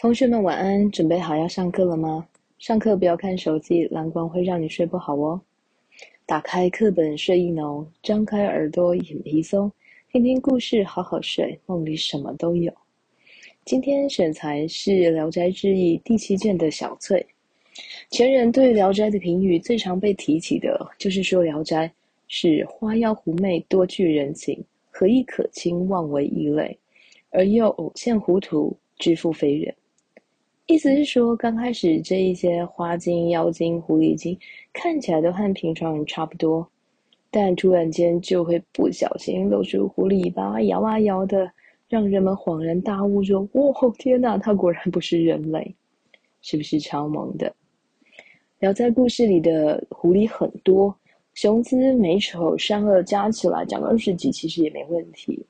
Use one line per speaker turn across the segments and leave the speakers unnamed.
同學們晚安，準備好要上課了嗎？上課不要看手機，藍光會讓你睡不好哦。打開課本，睡意濃，張開耳朵，眼皮鬆，聽聽故事，好好睡，夢裡什麼都有。今天選材是《聊齋誌異》第七卷的小翠。前人對《聊齋》的評語最常被提起的就是說，《聊齋》是花妖狐媚，多具人情，和易可親，妄為異類，而又偶見糊塗，知復非人。意思是說，剛開始這一些花精、妖精、狐狸精看起來都和平常人差不多，但突然間就會不小心露出狐狸尾巴，搖啊搖的，讓人們恍然大悟說：“哇、哦，天哪，他果然不是人類！”是不是超萌的？聊齋故事裡的狐狸很多，雄姿美醜善惡加起來講二十幾其實也沒問題。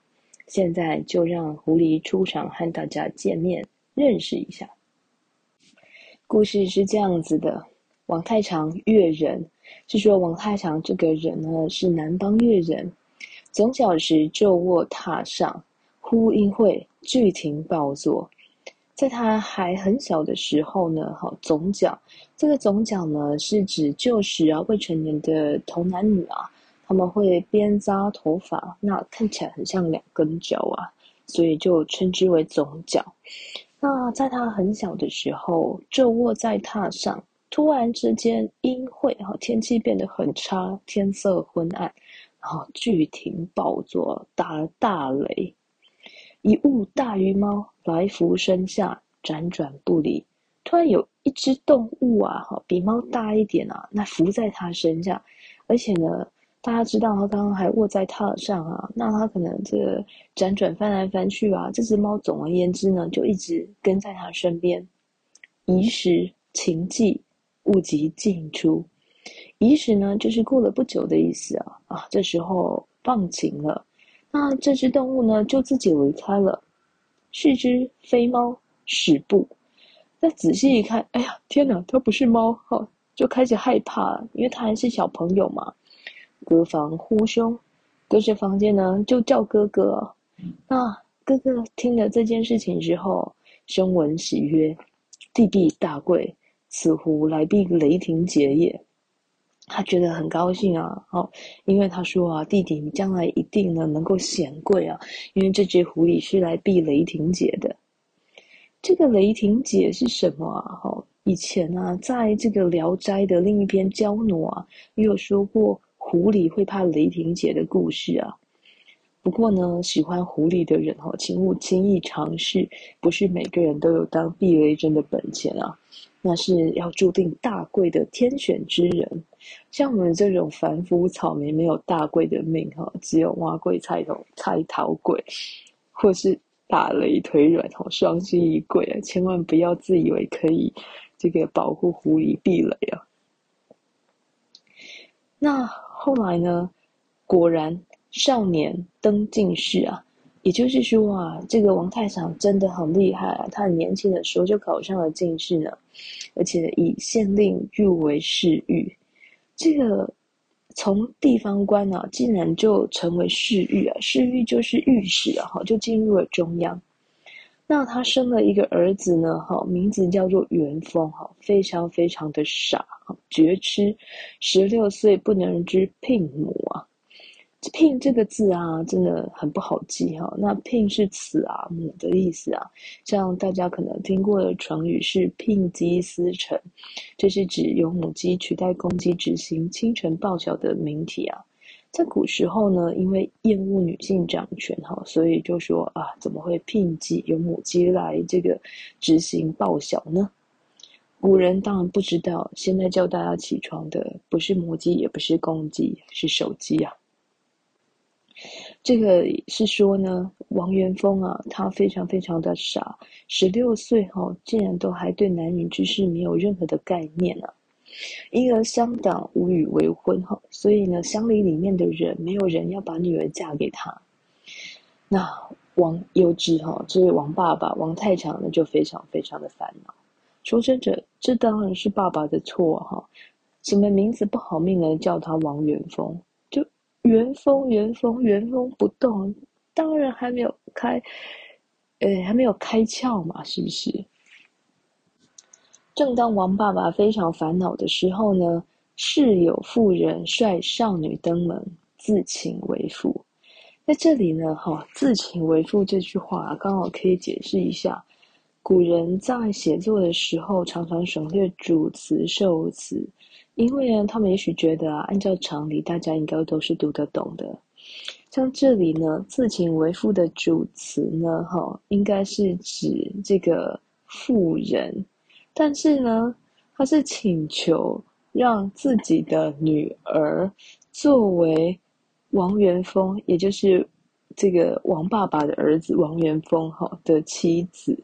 現在就讓狐狸出場，和大家見面認識一下。故事是這樣子的，王太常越人，是說王太常這個人呢是南方越人，總角時就臥榻上，忽陰晦，巨霆暴作。在他還很小的時候呢，好總角，這個總角呢是指舊時啊未成年的童男女啊，他們會編扎頭髮，那看起來很像兩根角啊，所以就稱之為總角。那在他很小的時候，就臥在榻上。突然之間，陰晦天氣變得很差，天色昏暗，然後巨霆暴作，打了大雷，一物大於貓，來伏身下，輾轉不離。突然有一只動物啊，比貓大一點啊，那伏在他身下，而且呢。大家知道，他剛剛還臥在榻上啊，那他可能這個輾轉翻來翻去啊。這隻貓總而言之呢，就一直跟在他身邊。移時，晴霽，物即奔出。移時呢，就是過了不久的意思啊。啊，這時候放晴了，那這隻動物呢，就自己離開了。視之，非貓，始怖。再仔細一看，哎呀，天哪，它不是貓，就開始害怕，因為它還是小朋友嘛。隔房呼兄，隔、就、着、是、房間呢就叫哥哥。那、嗯啊、哥哥聽了這件事情之後，兄聞喜曰：“弟必大貴，此狐來避雷霆劫也。”他覺得很高興啊，哦、因為他說啊：“弟弟，你將來一定呢能夠顯貴啊，因為這隻狐狸是來避雷霆劫的。”這個雷霆劫是什麼啊、哦？以前啊，在這個《聊齋》的另一篇《嬌娜》啊，也有說過。狐狸會怕雷霆劫的故事啊，不過呢，喜歡狐狸的人、哦、請勿輕易嘗試，不是每個人都有當避雷針的本錢啊，那是要注定大貴的天選之人，像我們這種凡夫草民，沒有大貴的命、啊、只有挖貴菜頭、猜桃貴，或是打雷腿軟、哦，雙膝一跪、啊，千萬不要自以為可以這個保護狐狸避雷啊，那。後來呢，果然少年登進士啊，也就是說啊，這個王太常真的很厲害啊，他很年輕的時候就考上了進士呢，而且以縣令入為侍御，這個從地方官呢、啊，竟然就成為侍御啊，侍御就是御史啊，就進入了中央。那他生了一個兒子呢，哈，名字叫做元豐，哈，非常非常的傻，哈，絕痴，十六歲不能知牝牡啊，牝這個字啊，真的很不好記哈、啊。那牝是雌啊母的意思啊，像大家可能聽過的成語是牝雞司晨，這是指由母雞取代公雞執行，清晨報曉的名題啊。在古時候呢，因為厭惡女性掌權哈，所以就說啊，怎麼會牝雞有母雞來這個執行報曉呢？古人當然不知道，現在叫大家起床的不是母雞，也不是公雞，也是手機啊。這個是說呢，王元豐啊，他非常非常的傻，十六歲後、哦、竟然都還對男女之事沒有任何的概念呢、啊。因而，鄉黨無與為婚哈，所以呢，鄉里裡面的人沒有人要把女兒嫁給他。那王優之哈，這、就、位、是、王爸爸王太常呢，就非常非常的煩惱。說真的，這當然是爸爸的錯哈。什麼名字不好命呢？叫他王元豐，就元豐元豐元豐不動，當然還沒有開，呃，還沒有開竅嘛，是不是？正當王爸爸非常煩惱的時候呢，是有婦人率少女登門，自請為婦。在這裡呢，哈、哦，自請為婦這句話剛好可以解釋一下，古人在寫作的時候常常省略主詞、受詞，因為呢，他們也許覺得啊，按照常理，大家應該都是讀得懂的。像這裡呢，自請為婦的主詞呢，哈、哦，應該是指這個婦人。但是呢，他是請求讓自己的女兒作為王元豐，也就是這個王爸爸的兒子王元豐哈的妻子，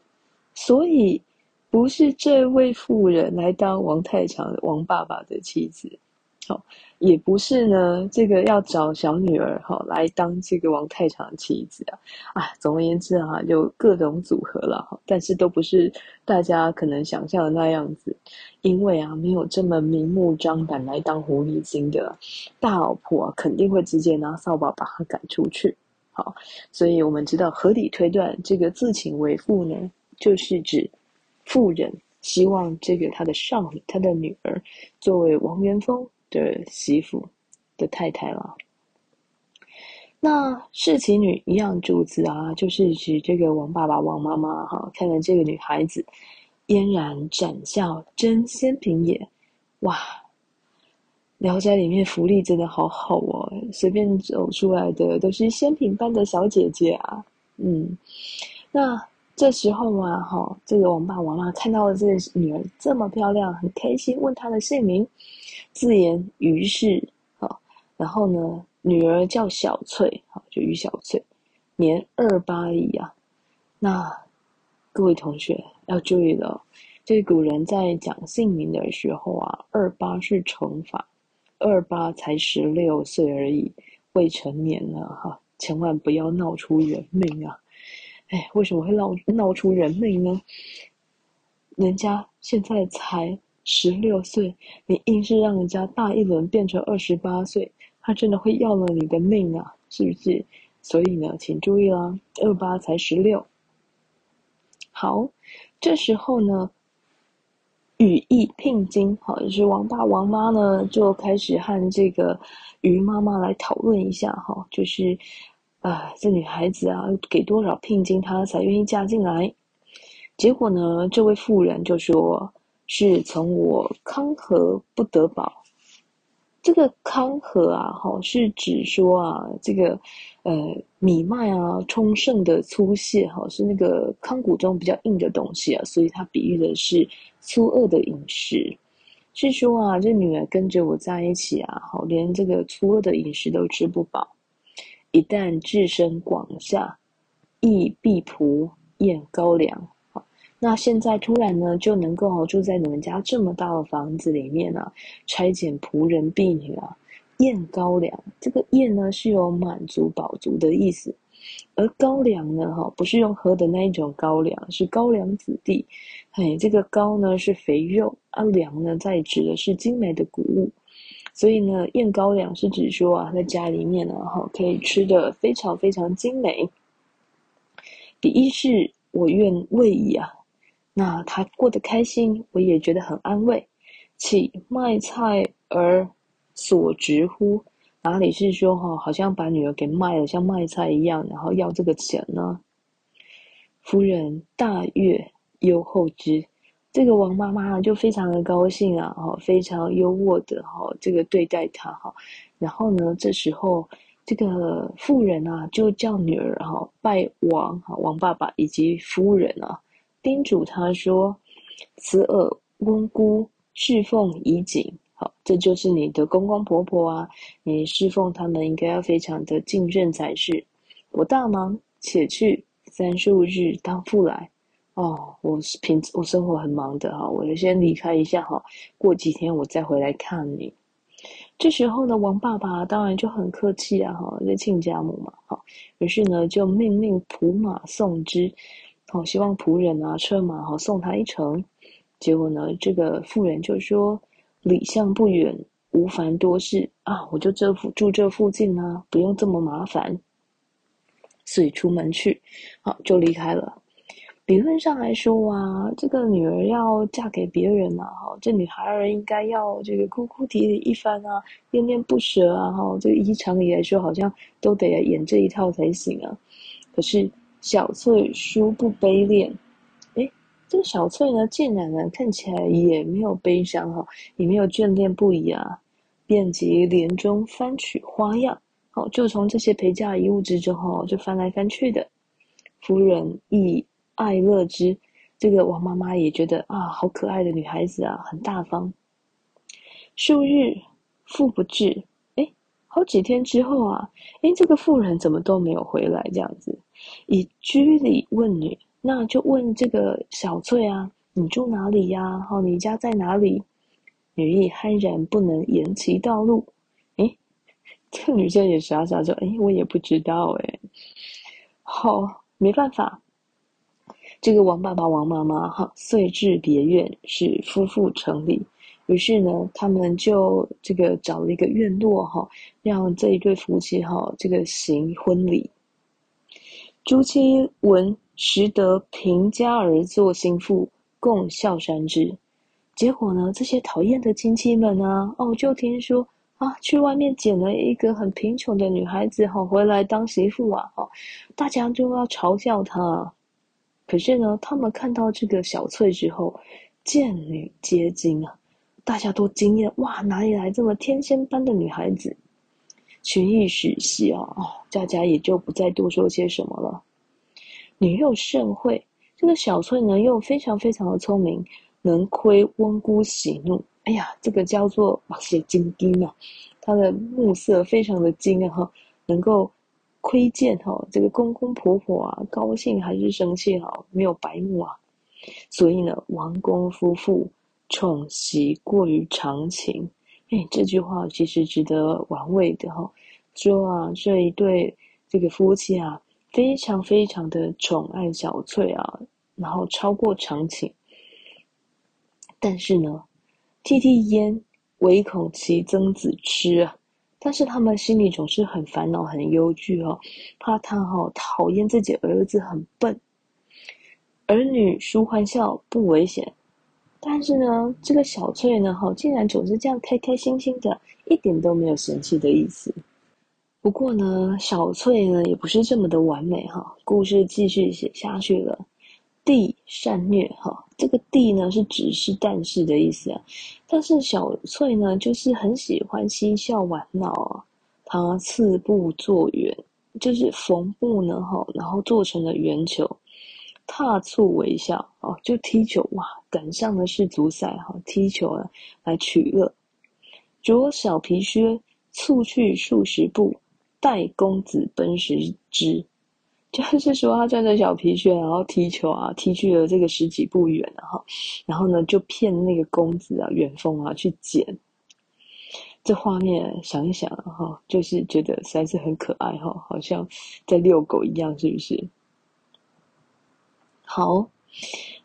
所以不是這位婦人來當王太常王爸爸的妻子。也不是呢，這個要找小女兒哈來當這個王太常的妻子啊，啊，總而言之啊，就各種組合了，但是都不是大家可能想象的那樣子，因為啊，沒有這麼明目張膽來當狐狸精的，大老婆啊，肯定會直接拿掃把把她趕出去，好，所以我們知道合理推斷，這個自請為婦呢，就是指婦人希望這個她的少女，她的女兒作為王元豐。的媳婦的太太了，那侍其女一樣主子啊，就是指這個王爸爸、王媽媽哈。看看這個女孩子，嫣然展笑，真仙品也！哇，《聊齋》裡面福利真的好好哦，隨便走出來的都是仙品般的小姐姐啊。嗯，那這時候嘛、啊，哈，這個王爸王媽看到了這個女兒這麼漂亮，很開心，問她的姓名。自言虞氏，啊，然後呢，女兒叫小翠，啊，就虞小翠，年二八矣啊。那各位同學要注意了哦，這古人在講姓名的時候啊，二八是乘法，二八才十六歲而已，未成年了哈，千萬不要鬧出人命啊！哎，為什麼會鬧鬧出人命呢？人家現在才。十六歲，你硬是讓人家大一輪變成二十八歲，他真的會要了你的命啊！是不是？所以呢，請注意啦，二八才十六。好，這時候呢，羽翼聘金，好，就是王爸王媽呢就開始和這個於媽媽來討論一下哈，就是，啊、呃，這女孩子啊，給多少聘金她才願意嫁進來？結果呢，這位婦人就說。是從我康和不得飽，這個康和啊，好、哦、是指說啊，這個，呃，米麥啊，充盛的粗屑，好、哦、是那個糠谷中比較硬的東西啊，所以它比喻的是粗惡的飲食。是說啊，這女兒跟着我在一起啊，好、哦、連這個粗惡的飲食都吃不飽。一旦置身廣廈，亦必僕厭高粱。那現在突然呢，就能夠住在你們家這麼大的房子裡面啊，差遣僕人婢女啊，厭膏粱。這個厭呢是有滿足飽足的意思，而膏粱呢哈、哦、不是用喝的那一種高粱，是膏粱子弟。嘿這個膏呢是肥肉，啊粱呢在指的是精美的穀物，所以呢厭膏粱是指說啊，在家裡面呢哈、哦、可以吃的非常非常精美。第一是我願為矣啊。那他過得開心，我也覺得很安慰。豈賣菜而所直乎？哪裡是說好像把女兒給賣了，像賣菜一樣，然後要這個錢呢？夫人大悅，優厚之。這個王媽媽就非常的高興啊，非常優渥的這個對待她。然後呢，這時候這個婦人啊，就叫女兒哈拜王王爸爸以及夫人啊。叮囑他說：“此爾翁姑，侍奉宜謹。好，這就是你的公公婆婆啊，你侍奉他們應該要非常的敬慎才是。我大忙，且去，三十五日當復來。哦，我平，我生活很忙的哈，我就先離開一下哈，過幾天我再回來看你。嗯、這時候呢，王爸爸當然就很客氣啊哈，這親家母嘛，好，於是呢就命令僕馬送之。”好、哦，希望僕人啊，車馬好、哦、送他一程。結果呢，這個婦人就說：“里巷不遠，無煩多事啊，我就這附住這附近啊，不用這麼麻煩。”所以出門去，好、哦、就離開了。理論上來說啊，這個女兒要嫁給別人啊，哈、哦，這女孩兒應該要這個哭哭啼啼一番啊，戀戀不捨啊，哈、哦，就依常理來說，好像都得演這一套才行啊。可是。小翠殊不悲戀，誒，這個小翠呢，竟然呢，看起來也沒有悲傷哈，也沒有眷戀不已啊。遍及奩中翻取花樣，好、哦，就從這些陪嫁遺物之中就翻來翻去的。夫人亦愛樂之，這個王媽媽也覺得啊，好可愛的女孩子啊，很大方。數日，婦不至，誒，好幾天之後啊，誒，這個婦人怎麼都沒有回來這樣子。以居里問女，那就問這個小翠啊，你住哪裡呀？哈，你家在哪裡？女亦憨然不能言其道路。誒，這女生也傻傻說，誒，我也不知道誒、欸，好、哦，沒辦法，這個王爸爸、王媽媽哈，遂至別院，使夫婦成禮。於是呢，他們就這個找了一個院落哈，讓這一對夫妻哈，這個行婚禮。親戚聞其以貧家兒作新婦，共笑姍之。結果呢，這些討厭的親戚們呢、啊，哦，就聽說啊，去外面撿了一個很貧窮的女孩子，好、哦、回來當媳婦啊，哦，大家就要嘲笑她。可是呢，他們看到這個小翠之後，見女皆驚啊，大家都驚艷，哇，哪裡來這麼天仙般的女孩子？群義許系啊、哦，大家，家也就不再多說些什麼了。女又甚慧，這個小翠呢又非常非常的聰明，能窺翁姑喜怒。哎呀，這個叫做哇塞，金睛啊，他的目色非常的精啊，能夠窺見哈、哦、這個公公婆婆啊高興還是生氣哈，沒有白目啊。所以呢，王公夫婦寵媳過於常情。哎，這句話其實值得玩味的哈、哦。說啊，這一對這個夫妻啊，非常非常的寵愛小翠啊，然後超過常情。但是呢，惕惕焉唯恐其憎子痴、啊，但是他們心裡總是很煩惱、很憂懼哦，怕他哦討厭自己兒子很笨。兒女殊歡笑，不危險。但是呢，這個小翠呢，哈，竟然總是這樣開開心心的，一點都沒有嫌棄的意思。不過呢，小翠呢也不是這麼的完美哈。故事繼續寫下去了，第善謔哈，這個第呢是只是但是的意思。啊，但是小翠呢就是很喜歡嬉笑玩鬧啊，她刺布做圓，就是縫布呢哈，然後做成了圓球。踏蹴為笑哦，就踢球哇！趕上了世足賽哈，踢球啊，來取樂。着小皮靴，蹴去數十步，紿公子奔拾之，就是說他穿着小皮靴，然後踢球啊，踢去了這個十幾步遠哈，啊，然後呢就騙那個公子啊，元豐啊去撿。這畫面想一想哈，啊，就是覺得實在是很可愛哈，啊，好像在遛狗一樣，是不是？好，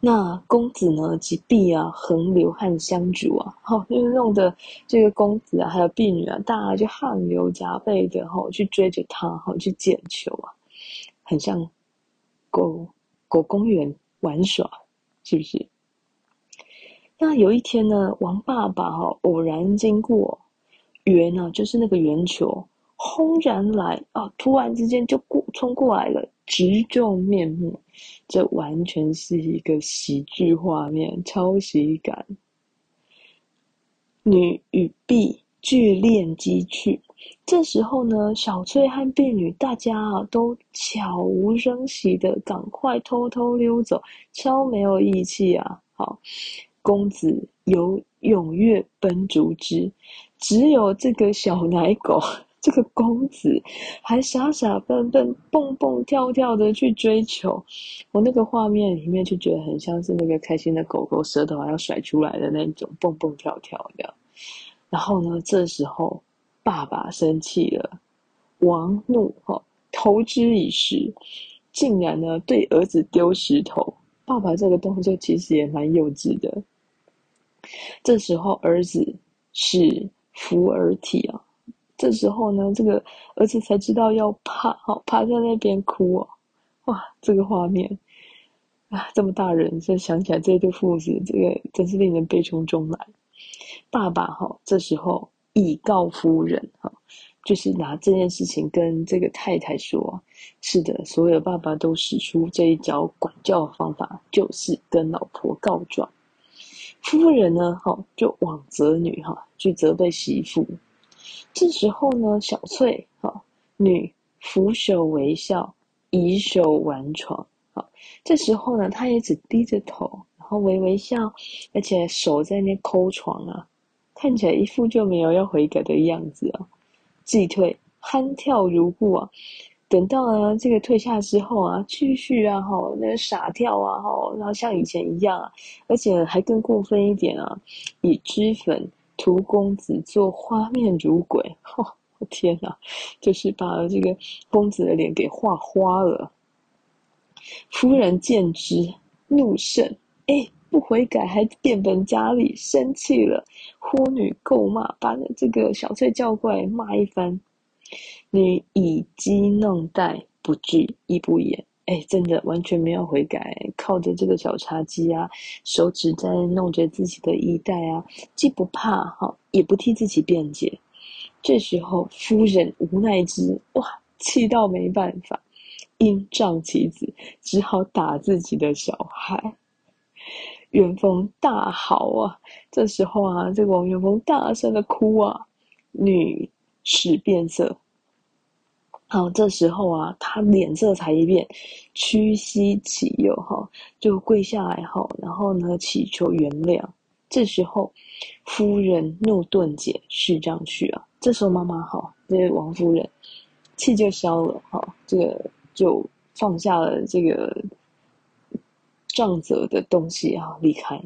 那公子呢？及婢啊，橫流汗相逐啊！好、哦，就是弄得這個公子啊，還有婢女啊，大家、啊、就汗流浹背的哈、哦，去追着他哈、哦，去撿球啊，很像狗狗公園玩耍，是不是？那有一天呢，王爸爸哈、哦、偶然經過圓呢、啊，就是那個圓球。轟然來啊！突然之間就過衝過來了，直中面目，這完全是一個喜劇畫面，超喜感。女與婢俱斂跡去，這時候呢，小翠和婢女大家啊都悄無聲息的趕快偷偷溜走，超沒有義氣啊！好，公子猶踴躍奔逐之，只有這個小奶狗。這個公子還傻傻笨笨蹦蹦跳跳的去追求，我那個畫面裡面就覺得很像是那個開心的狗狗，舌頭還要甩出來的那種蹦蹦跳跳的。然後呢，這時候爸爸生氣了，王怒吼，哦，投之以石，竟然呢對兒子丟石頭。爸爸這個動作其實也蠻幼稚的。這時候兒子是福兒體啊。這時候呢，這個兒子才知道要怕，哦，趴在那邊哭啊、哦！哇，這個畫面啊，這麼大人，真想起來這對父子，這個真是令人悲從中來。爸爸哈，這時候以告夫人哈，就是拿這件事情跟這個太太說：是的，所有爸爸都使出這一招管教的方法，就是跟老婆告狀。夫人呢，哈，就往責女哈，去責備媳婦。這時候呢，小翠，啊、哦，女俯首微笑，以手玩床。啊、哦，這時候呢，她也只低着頭，然後微微笑，而且手在那摳床啊，看起來一副就沒有要悔改的樣子啊，既退憨跳如故啊，等到呢這個退下之後啊，繼續啊吼，吼那個傻跳啊，吼，然後像以前一樣啊，而且還更過分一點啊，以脂粉。屠公子做花面如鬼，嚯、哦！我天哪、啊，就是把這個公子的臉給畫花了。夫人見之，怒甚，哎、欸，不悔改還變本加厲，生氣了。呼女詬罵，把這個小翠叫過來罵一番。女以譏弄待，不懼亦不言。哎，真的完全沒有悔改，靠着這個小茶几啊，手指在弄着自己的衣帶啊，既不怕哈，也不替自己辯解。這時候，夫人無奈之，哇，氣到沒辦法，因杖其子，只好打自己的小孩。元豐大嚎啊，這時候啊，這個王元豐大聲的哭啊，女始變色。好，這時候啊，他臉色才一變，屈膝乞宥哈，就跪下來，好，然後呢，祈求原諒。這時候，夫人怒頓解，釋杖去啊。這時候，媽媽好，這王夫人氣就消了，哈，這個就放下了這個杖責的東西啊，離開。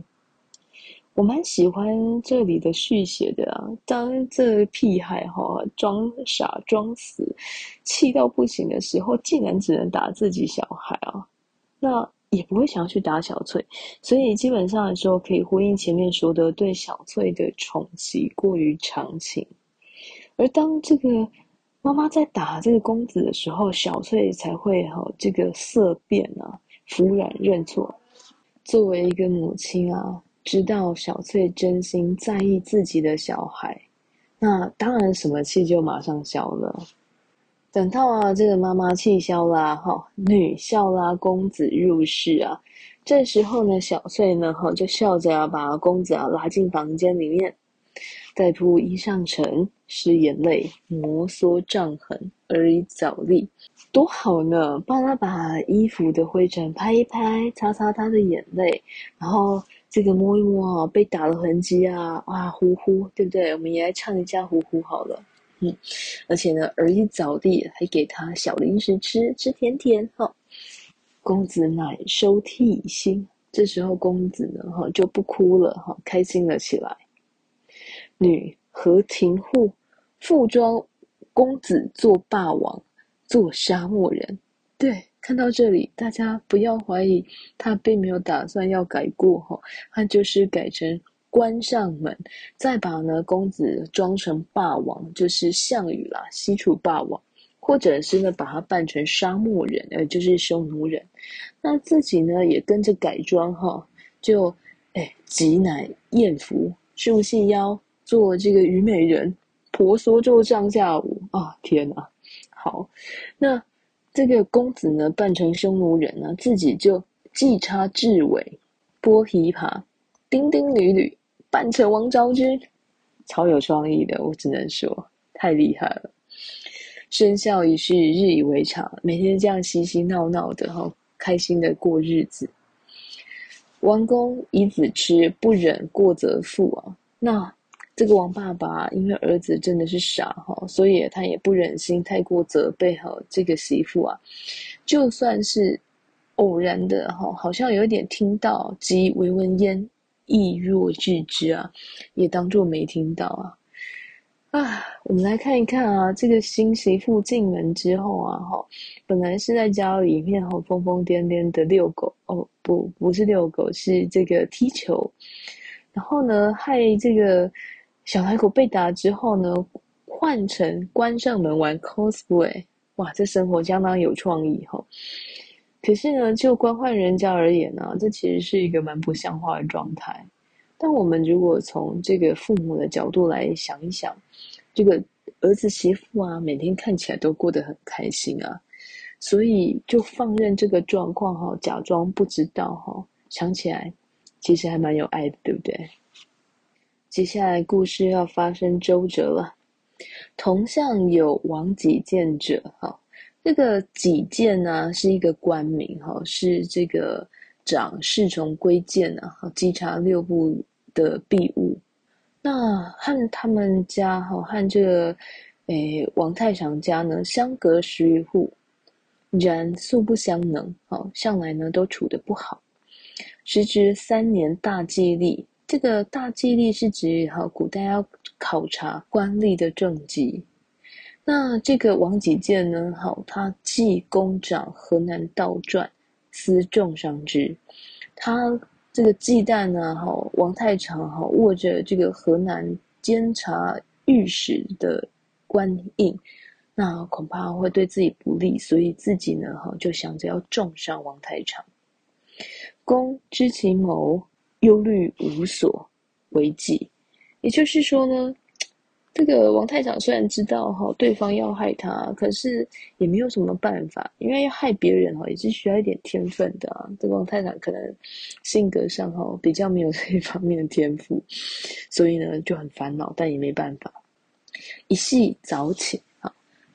我蠻喜歡這裡的續寫的啊，當這屁孩哈、哦、裝傻裝死，氣到不行的時候，竟然只能打自己小孩啊，那也不會想要去打小翠，所以基本上來說可以呼應前面說的對小翠的寵溺過於長情，而當這個媽媽在打這個公子的時候，小翠才會好、哦、這個色變啊，服軟認錯，作為一個母親啊。知道小翠真心在意自己的小孩，那當然什麼氣就馬上消了。等到啊，這個媽媽氣消啦，哈、哦，女笑拉，公子入室啊。這時候呢，小翠呢，哈、哦，就笑着啊，把公子啊拉進房間裡面，再鋪衣上塵，拭眼淚，摩挲杖痕餌以棗栗。多好呢，幫他把衣服的灰塵拍一拍，擦擦他的眼淚，然後。這個摸一摸啊、哦、被打了痕跡啊，啊，呼呼，對不對？我們也來唱一下呼呼好了，嗯，而且呢，而一着地還給他小零食吃，吃甜甜哈、哦。公子乃收涕心，這時候公子呢哈、哦、就不哭了哈、哦，開心了起來。女闔庭戶，復裝，公子做霸王，做沙漠人，對。看到這裡，大家不要懷疑，他並沒有打算要改過哈，他就是改成關上門，再把呢公子裝成霸王，就是項羽啦，西楚霸王，或者是呢把他扮成沙漠人，呃，就是匈奴人，那自己呢也跟着改裝哈，就誒己、哎、乃艷服，束細腰，做這個虞美人，婆娑做上下舞啊，天吶，好，那。這個公子呢，扮成匈奴人呢、啊，自己就髻插雉尾、撥琵琶、叮叮縷縷，扮成王昭君，超有創意的，我只能說太厲害了。生效一世，日以為常，每天這樣嬉嬉鬧鬧的、哦，開心的過日子。王公以子癡，不忍過則負啊，那。這個王爸爸因為兒子，真的是傻哈，所以他也不忍心太過責備哈這個媳婦啊，就算是偶然的哈，好像有點聽到，即微聞煙意若置之啊，也當作沒聽到啊。啊，我們來看一看啊，這個新媳婦進門之後啊，哈，本來是在家裡面哈瘋瘋癲癲，癲的遛狗哦，不，不是遛狗，是這個踢球，然後呢，害這個。小奶狗被打之後呢，換成關上門玩 cosplay。哇，這生活相當有創意哈、哦。可是呢，就官宦人家而言呢、啊，這其實是一個蠻不像話的狀態。但我們如果從這個父母的角度來想一想，這個兒子媳婦啊，每天看起來都過得很開心啊，所以就放任這個狀況哈，假裝不知道哈、哦，想起來其實還蠻有愛的，對不對？接下來故事要發生周折了。同巷有王給諫者，哈，這個給諫呢、啊、是一個官名，哈，是這個掌侍從規諫啊，稽查六部的弊務。那和他們家，哈，和這個誒、哎、王太常家呢，相隔十餘戶，然素不相能，哈，向來呢都處得不好，時值三年大計立。這個大計吏，是指古代要考察官吏的政績。那這個王給諫呢，好，他忌公長河南道篆，思中傷之。他這個忌憚呢，好，王太常好握着這個河南監察御史的官印，那恐怕會對自己不利，所以自己呢，好，就想着要中傷王太常。公知其謀。憂慮無所為計，也就是說呢，這個王太常雖然知道哈、哦、對方要害他，可是也沒有什麼辦法，因為要害別人哈、哦、也是需要一點天分的啊。這個王太常可能性格上哈、哦、比較沒有這一方面的天賦，所以呢就很煩惱，但也沒辦法。一夕早寢，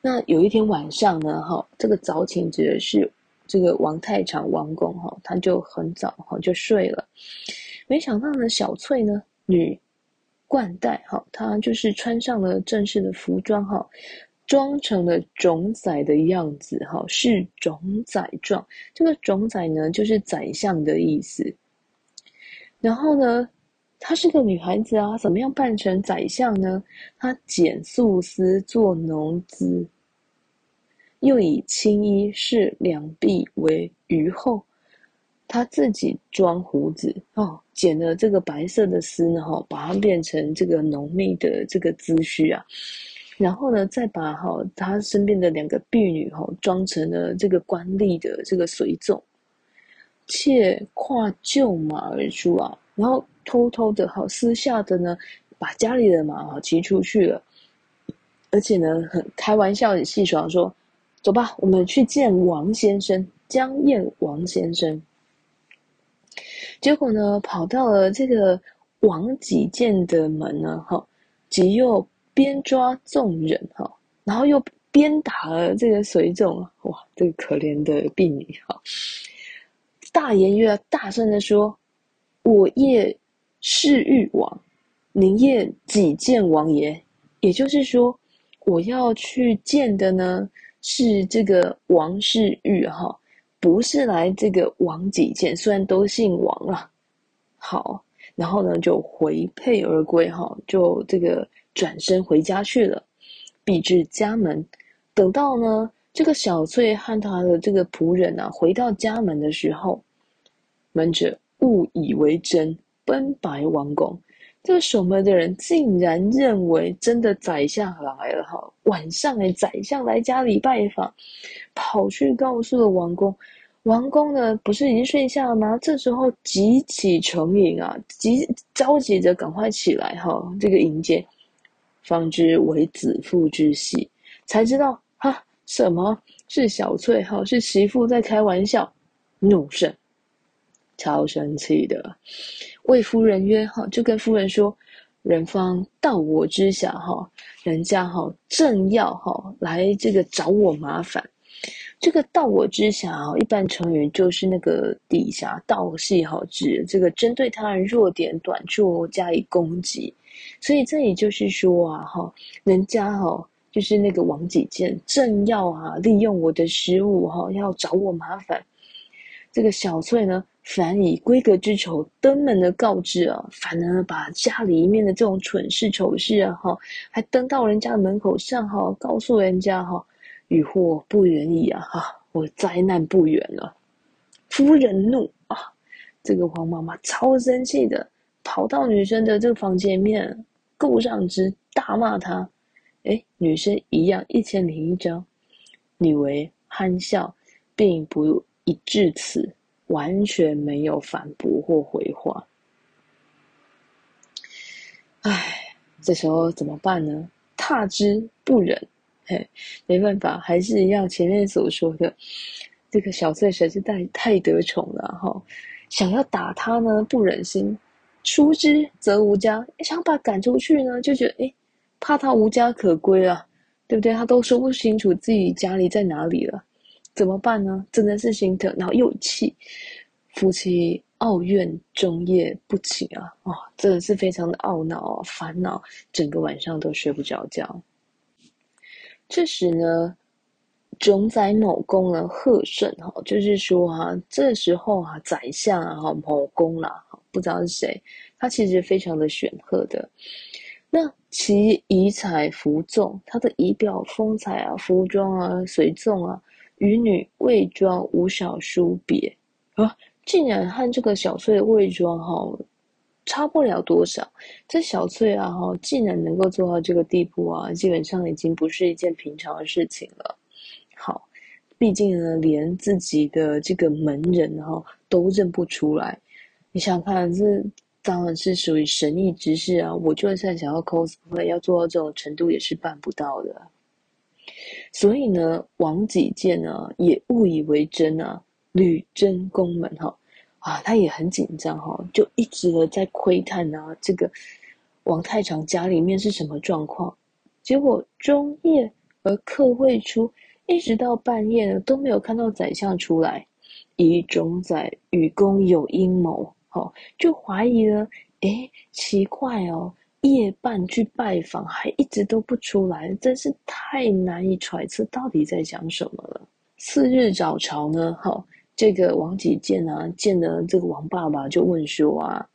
那有一天晚上呢，這個早寢指的是這個王太常，王公，他就很早就睡了。沒想到呢，小翠呢，女冠帶，哈，她就是穿上了正式的服裝，哈，裝成了冢宰的樣子，哈，是冢宰狀。這個冢宰呢，就是宰相的意思。然後呢，她是個女孩子啊，怎麼樣扮成宰相呢？她剪素絲做濃髭，又以青衣飾兩婢為虞候。他自己裝鬍子哦，剪了這個白色的絲呢，哈，把它變成這個濃密的這個髭鬚啊。然後呢，再把哈他身邊的兩個婢女裝成了這個官吏的這個隨從，且跨舊馬而出啊。然後偷偷的好，私下的呢，把家裡的馬騎出去了，而且呢，很開玩笑的戲耍說：“走吧，我們去見王先生，江燕王先生。”結果呢，跑到了這個王給諫的門呢，哈，即又鞭抓眾人哈，然後又鞭打了這個隨從，哇，這個可憐的婢女哈，大言曰要大聲的說：“我夜侍御王，您夜給諫王爺。”也就是說，我要去見的呢，是這個王侍御哈。不是來這個王給諫，雖然都姓王啊，好，然後呢，就回轡而歸哈、哦，就這個轉身回家去了，比至家門。等到呢這個小翠和她的這個僕人呢、啊、回到家門的時候，門者誤以為真，奔白王公。這個守門的人竟然認為真的宰相來了哈！晚上哎，宰相來家裡拜訪，跑去告訴了王公。王公呢，不是已經睡下了嗎？這時候急起承迎啊，急着急着趕快起來哈！這個迎接，方知為子婦之喜，才知道哈，什麼是小翠哈，是媳婦在開玩笑，怒甚。超生氣的，魏夫人約好，就跟夫人說，人方蹈我之瑕，哈，人家哈正要哈來這個找我麻煩。這個蹈我之瑕一般成語就是那個抵瑕蹈隙哈，指，這個針對他人弱點短處加以攻擊，所以這裡就是說啊，哈，人家哈就是那個王給諫正要啊，利用我的失誤哈，要找我麻煩。這個小翠呢？”凡以閨閣之醜登門的告知啊，反而把家裡面的這種蠢事醜事啊，哈，還登到人家的門口上哈，告訴人家哈，與禍不遠矣啊！哈、啊，我災難不遠了。夫人怒啊，這個黃媽媽超生氣的，跑到女生的這個房間裡面，夠上之大罵她。誒、欸，女生一樣一千零一張，女為憨笑，並不以至此。完全沒有反駁或回話。哎，這時候怎麼辦呢？踏之不忍，嘿，沒辦法，還是一樣前面所說的，這個小翠實在是太太得寵了哈。想要打他呢，不忍心；出之則無家，想把他趕出去呢，就覺得哎、欸，怕他無家可歸啊，對不對？他都說不清楚自己家裡在哪裡了。怎麼辦呢？真的是心疼，然後又氣，夫妻懊怨終夜不起啊！哦，真的是非常的懊惱啊、哦，煩惱，整個晚上都睡不着覺。這時呢，冢宰某公呢，賀盛、哦。就是說哈、啊，這時候啊，宰相啊，某公啦、啊，不知道是誰，他其實非常的顯赫的。那其儀彩服眾，他的儀表風采啊，服裝啊，隨眾啊。漁女未裝無小書別啊，竟然和這個小翠的偽裝哈差不了多少。這小翠啊哈、哦，竟然能夠做到這個地步啊，基本上已經不是一件平常的事情了。好，畢竟呢，連自己的這個門人哈、哦、都認不出來，你想看這當然是屬於神秘之事啊。我就算想要 cosplay，要做到這種程度也是辦不到的。所以呢，王給諫呢也誤以為真啊，屢偵公門哈，啊，他也很緊張哈，就一直呢，在窺探啊，這個王太常家裡面是什麼狀況。結果中夜而客未出，一直到半夜呢，都沒有看到宰相出來，疑中宰與公有陰謀，好，就懷疑呢誒、欸、奇怪哦。夜半去拜訪，還一直都不出來，真是太難以揣測到底在講什麼了。次日早朝呢，好、哦，這個王給諫啊，見了這個王爸爸就問說啊：“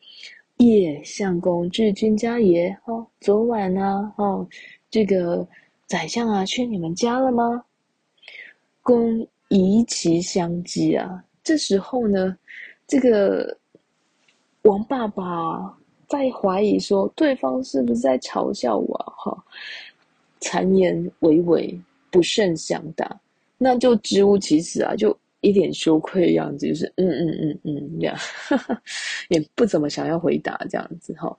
夜相公至君家爺哈、哦，昨晚啊，哈、哦，這個宰相啊，去你們家了嗎？”公疑其相譏啊，這時候呢，這個王爸爸。在懷疑說對方是不是在嘲笑我哈、哦？慚顏娓娓不甚想答，那就知無其事啊，就一臉羞愧的樣子，就是嗯嗯嗯嗯這樣呵呵也不怎麼想要回答這樣子哈、哦。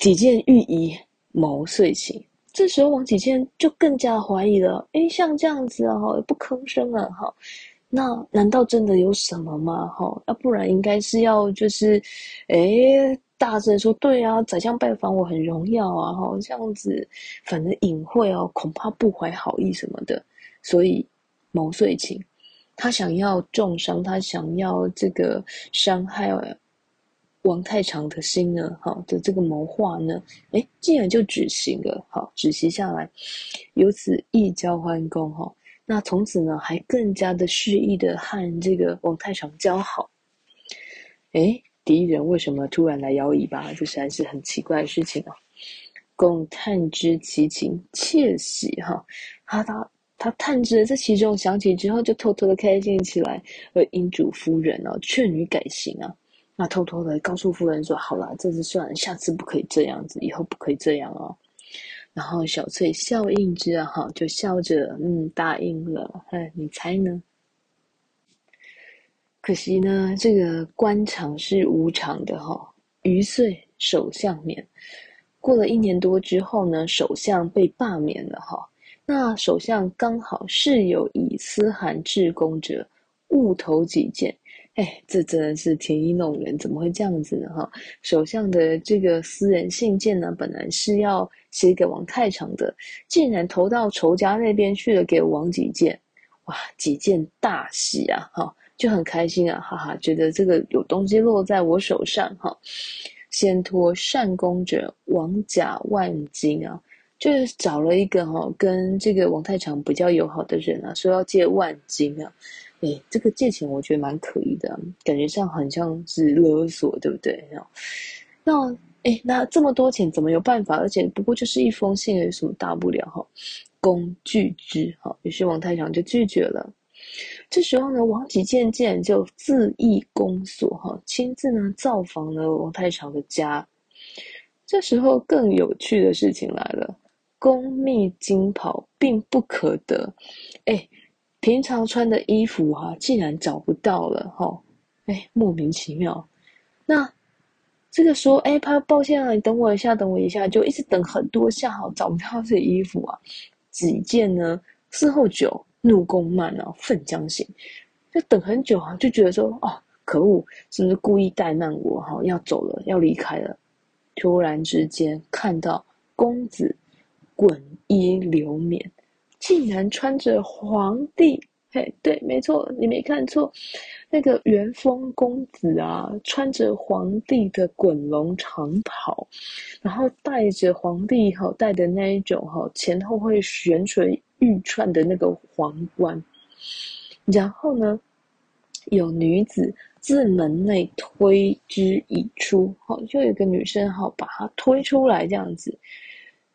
幾件寓意謀碎情，這時候王給諫就更加懷疑了，哎，像這樣子、啊、也不吭聲啊。哈、哦。那難道真的有什麼嗎？哈，要不然應該是要就是，誒大聲說對啊，宰相拜訪我很榮耀啊，吼，這樣子，反正隱晦哦，恐怕不懷好意什麼的，所以謀遂寢，他想要重傷，他想要這個傷害王太常的心呢，吼，的這個謀劃呢，哎，竟然就執行了，好執行下來，由此益交歡公。吼。那從此呢，還更加的肆意的和這個王太常交好。哎，敵人為什麼突然來搖尾巴？就實在是很奇怪的事情啊、哦。共探知其情，竊喜哈、啊。他他他探知這其中詳情之後，就偷偷的開心起來。而陰主夫人呢、哦，勸女改行啊。那偷偷的告訴夫人說：“好了，這次算了，下次不可以這樣子，以後不可以這樣啊、哦。”然後小翠笑應之哈，就笑着嗯答應了。哎，你猜呢？可惜呢，這個官場是無常的哈。餘歲首相免，過了一年多之後呢，首相被罷免了哈。那首相剛好是有以私函致公者誤投幾件，誤投己見，哎，這真的是天意弄人，怎麼會這樣子呢？哈，首相的這個私人信件呢，本來是要寫給王太常的，竟然投到仇家那邊去了，給王己見。哇，幾件大喜啊，哈，就很開心啊，哈哈，覺得這個有東西落在我手上，哈，先托善公者王甲萬金啊，就是找了一個哈跟這個王太常比較友好的人啊，說要借萬金啊。哎，這個借錢我覺得蠻可疑的，感覺像很像是勒索，對不對？那哎，那這麼多錢怎麼有辦法？而且不過就是一封信，有什麼大不了？哈，公拒之，哈，於是王太常就拒絕了。這時候呢，王給諫竟然就自詣公所，親自呢造訪了王太常的家。這時候更有趣的事情來了，公密金袍並不可得，誒平常穿的衣服哈、啊，竟然找不到了哈，哎、哦，莫名其妙。那這個時候，哎，怕抱歉啊，你等我一下，等我一下，就一直等很多下，好找不到這衣服啊，幾件呢？伺候久怒功慢啊，憤將行，就等很久啊，就覺得說，哦、啊，可惡，是不是故意怠慢我哈？要走了，要離開了，突然之間看到公子袞衣旒冕。竟然穿着皇帝，嘿，對，沒錯，你沒看錯，那個元豐公子啊，穿着皇帝的袞龍長袍，然後戴著皇帝哈戴的那一種哈前後會懸垂玉串的那個皇冠，然後呢，有女子自門內推之以出，哈，就有一個女生好把她推出來這樣子。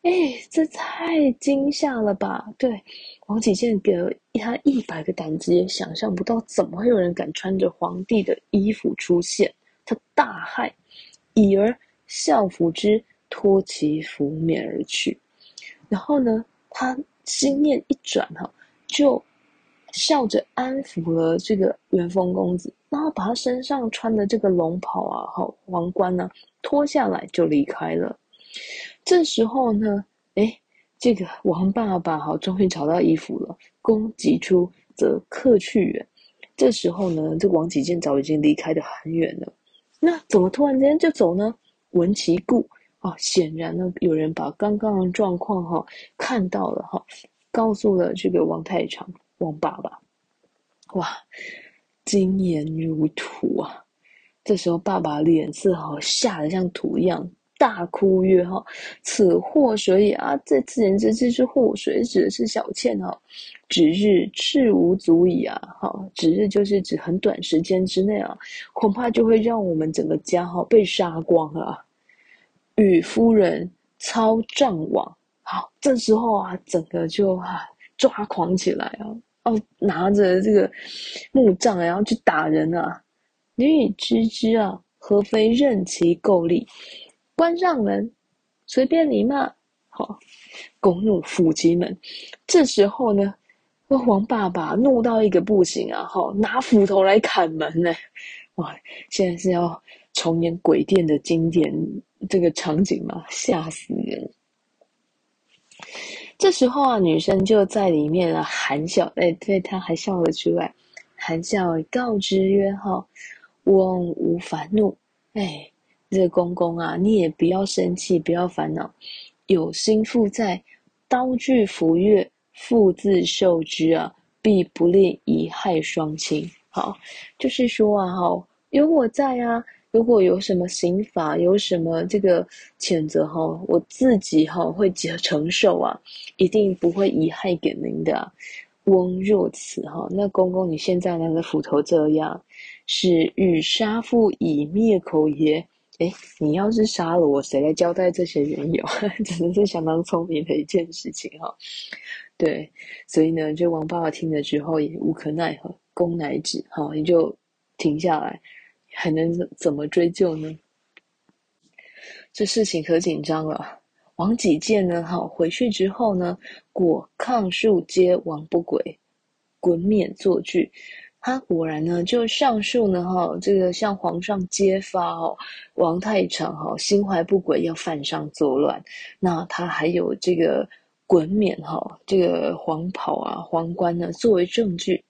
哎，這太驚嚇了吧！對，王給諫給了他一百個膽子也想象不到，怎麼會有人敢穿着皇帝的衣服出現？他大駭，以而笑服之，脫其服冕而去。然後呢，他心念一轉、啊，哈，就笑着安撫了這個元豐公子，然後把他身上穿的這個龍袍啊，和，皇冠呢、啊，脫下來就離開了。這時候呢，哎，這個王爸爸哈，終於找到衣服了。公及出，則客去遠。這時候呢，這王給諫早已經離開的很遠了。那怎麼突然間就走呢？聞其故啊、哦，顯然呢，有人把剛剛的狀況哈、哦、看到了哈、哦，告訴了這個王太常、王爸爸。哇，驚顏如土啊！這時候爸爸臉色哈嚇得像土一樣。大哭曰：“哈，此禍水也啊？這自然之之是禍水指的是小倩哈、哦。指日赤吾族矣啊！哈、哦，指日就是指很短時間之內啊，恐怕就會讓我們整個家哈、哦、被殺光啊。與夫人操杖往。好，這時候啊，整個就啊抓狂起來啊！哦，拿着這個木杖，然後去打人啊！女已知之啊，闔扉任其詬厲。關上門，隨便你罵。好、哦，公怒斧擊門。這時候呢，王爸爸怒到一個不行啊！哈、哦，拿斧頭來砍門呢！哇，現在是要重演鬼店的經典這個場景嗎？嚇死人！這時候啊，女生就在裡面啊，含笑誒、哎、對她還笑了出來，含笑告知曰：“哈，翁無煩怒。哎”誒這個公公啊，你也不要生氣，不要煩惱。有新婦在，刀鋸斧鉞，婦自受之啊，必不令貽害雙親。好，就是說啊，哈，有我在啊，如果有什麼刑罰，有什麼這個譴責哈，我自己哈會承承受啊，一定不會貽害給您的啊。翁若此哈，那公公你現在拿的斧頭這樣，是欲殺婦以滅口也。誒，你要是殺了我，誰來交代這些緣由？只 能是相當聰明的一件事情哈、哦。對，所以呢，就王爸爸聽了之後也無可奈何，公乃止。好、哦，你就停下來，還能怎麼追究呢？這事情可緊張了。王給諫呢？好，回去之後呢，果抗疏揭王不軌，袞冕作劇。他果然呢，就上疏呢，哈，這個向皇上揭發哦，王太常哈心懷不軌，要犯上作亂。那他還有這個袞冕哈，這個黃袍啊、皇冠呢、啊，作為證據，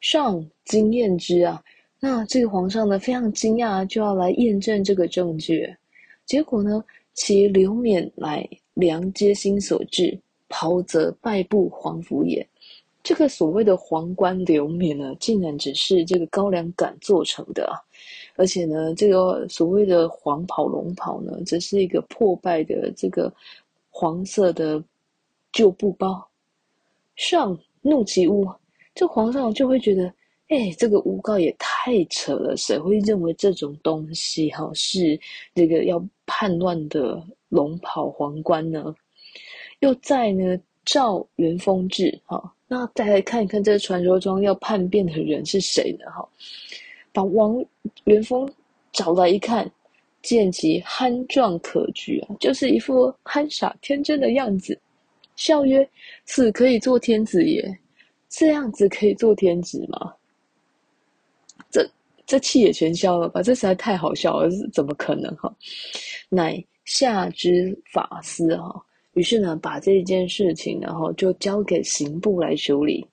上親驗之啊。那這個皇上呢，非常驚訝，就要來驗證這個證據。結果呢，其旒冕乃粱稭心所製，袍則敗布黃袱也。這個所謂的皇冠流冕呢，竟然只是這個高粱稈做成的，而且呢，這個所謂的黃袍龍袍呢，只是一個破敗的這個黃色的舊布包。上怒其誣，這皇上就會覺得，哎，這個誣告也太扯了，誰會認為這種東西哈是這個要叛亂的龍袍皇冠呢？又在呢？趙元豐至，哈，那再來看一看這傳說中要叛變的人是誰呢？哈，把王元豐找來一看，見其憨狀可掬啊，就是一副憨傻天真的樣子，笑曰：“此可以做天子耶？”這樣子可以做天子嗎？這這氣也全消了吧？這實在太好笑了，怎麼可能？哈，乃下之法師哈。於是呢，把這件事情呢，然後就交給刑部來處理。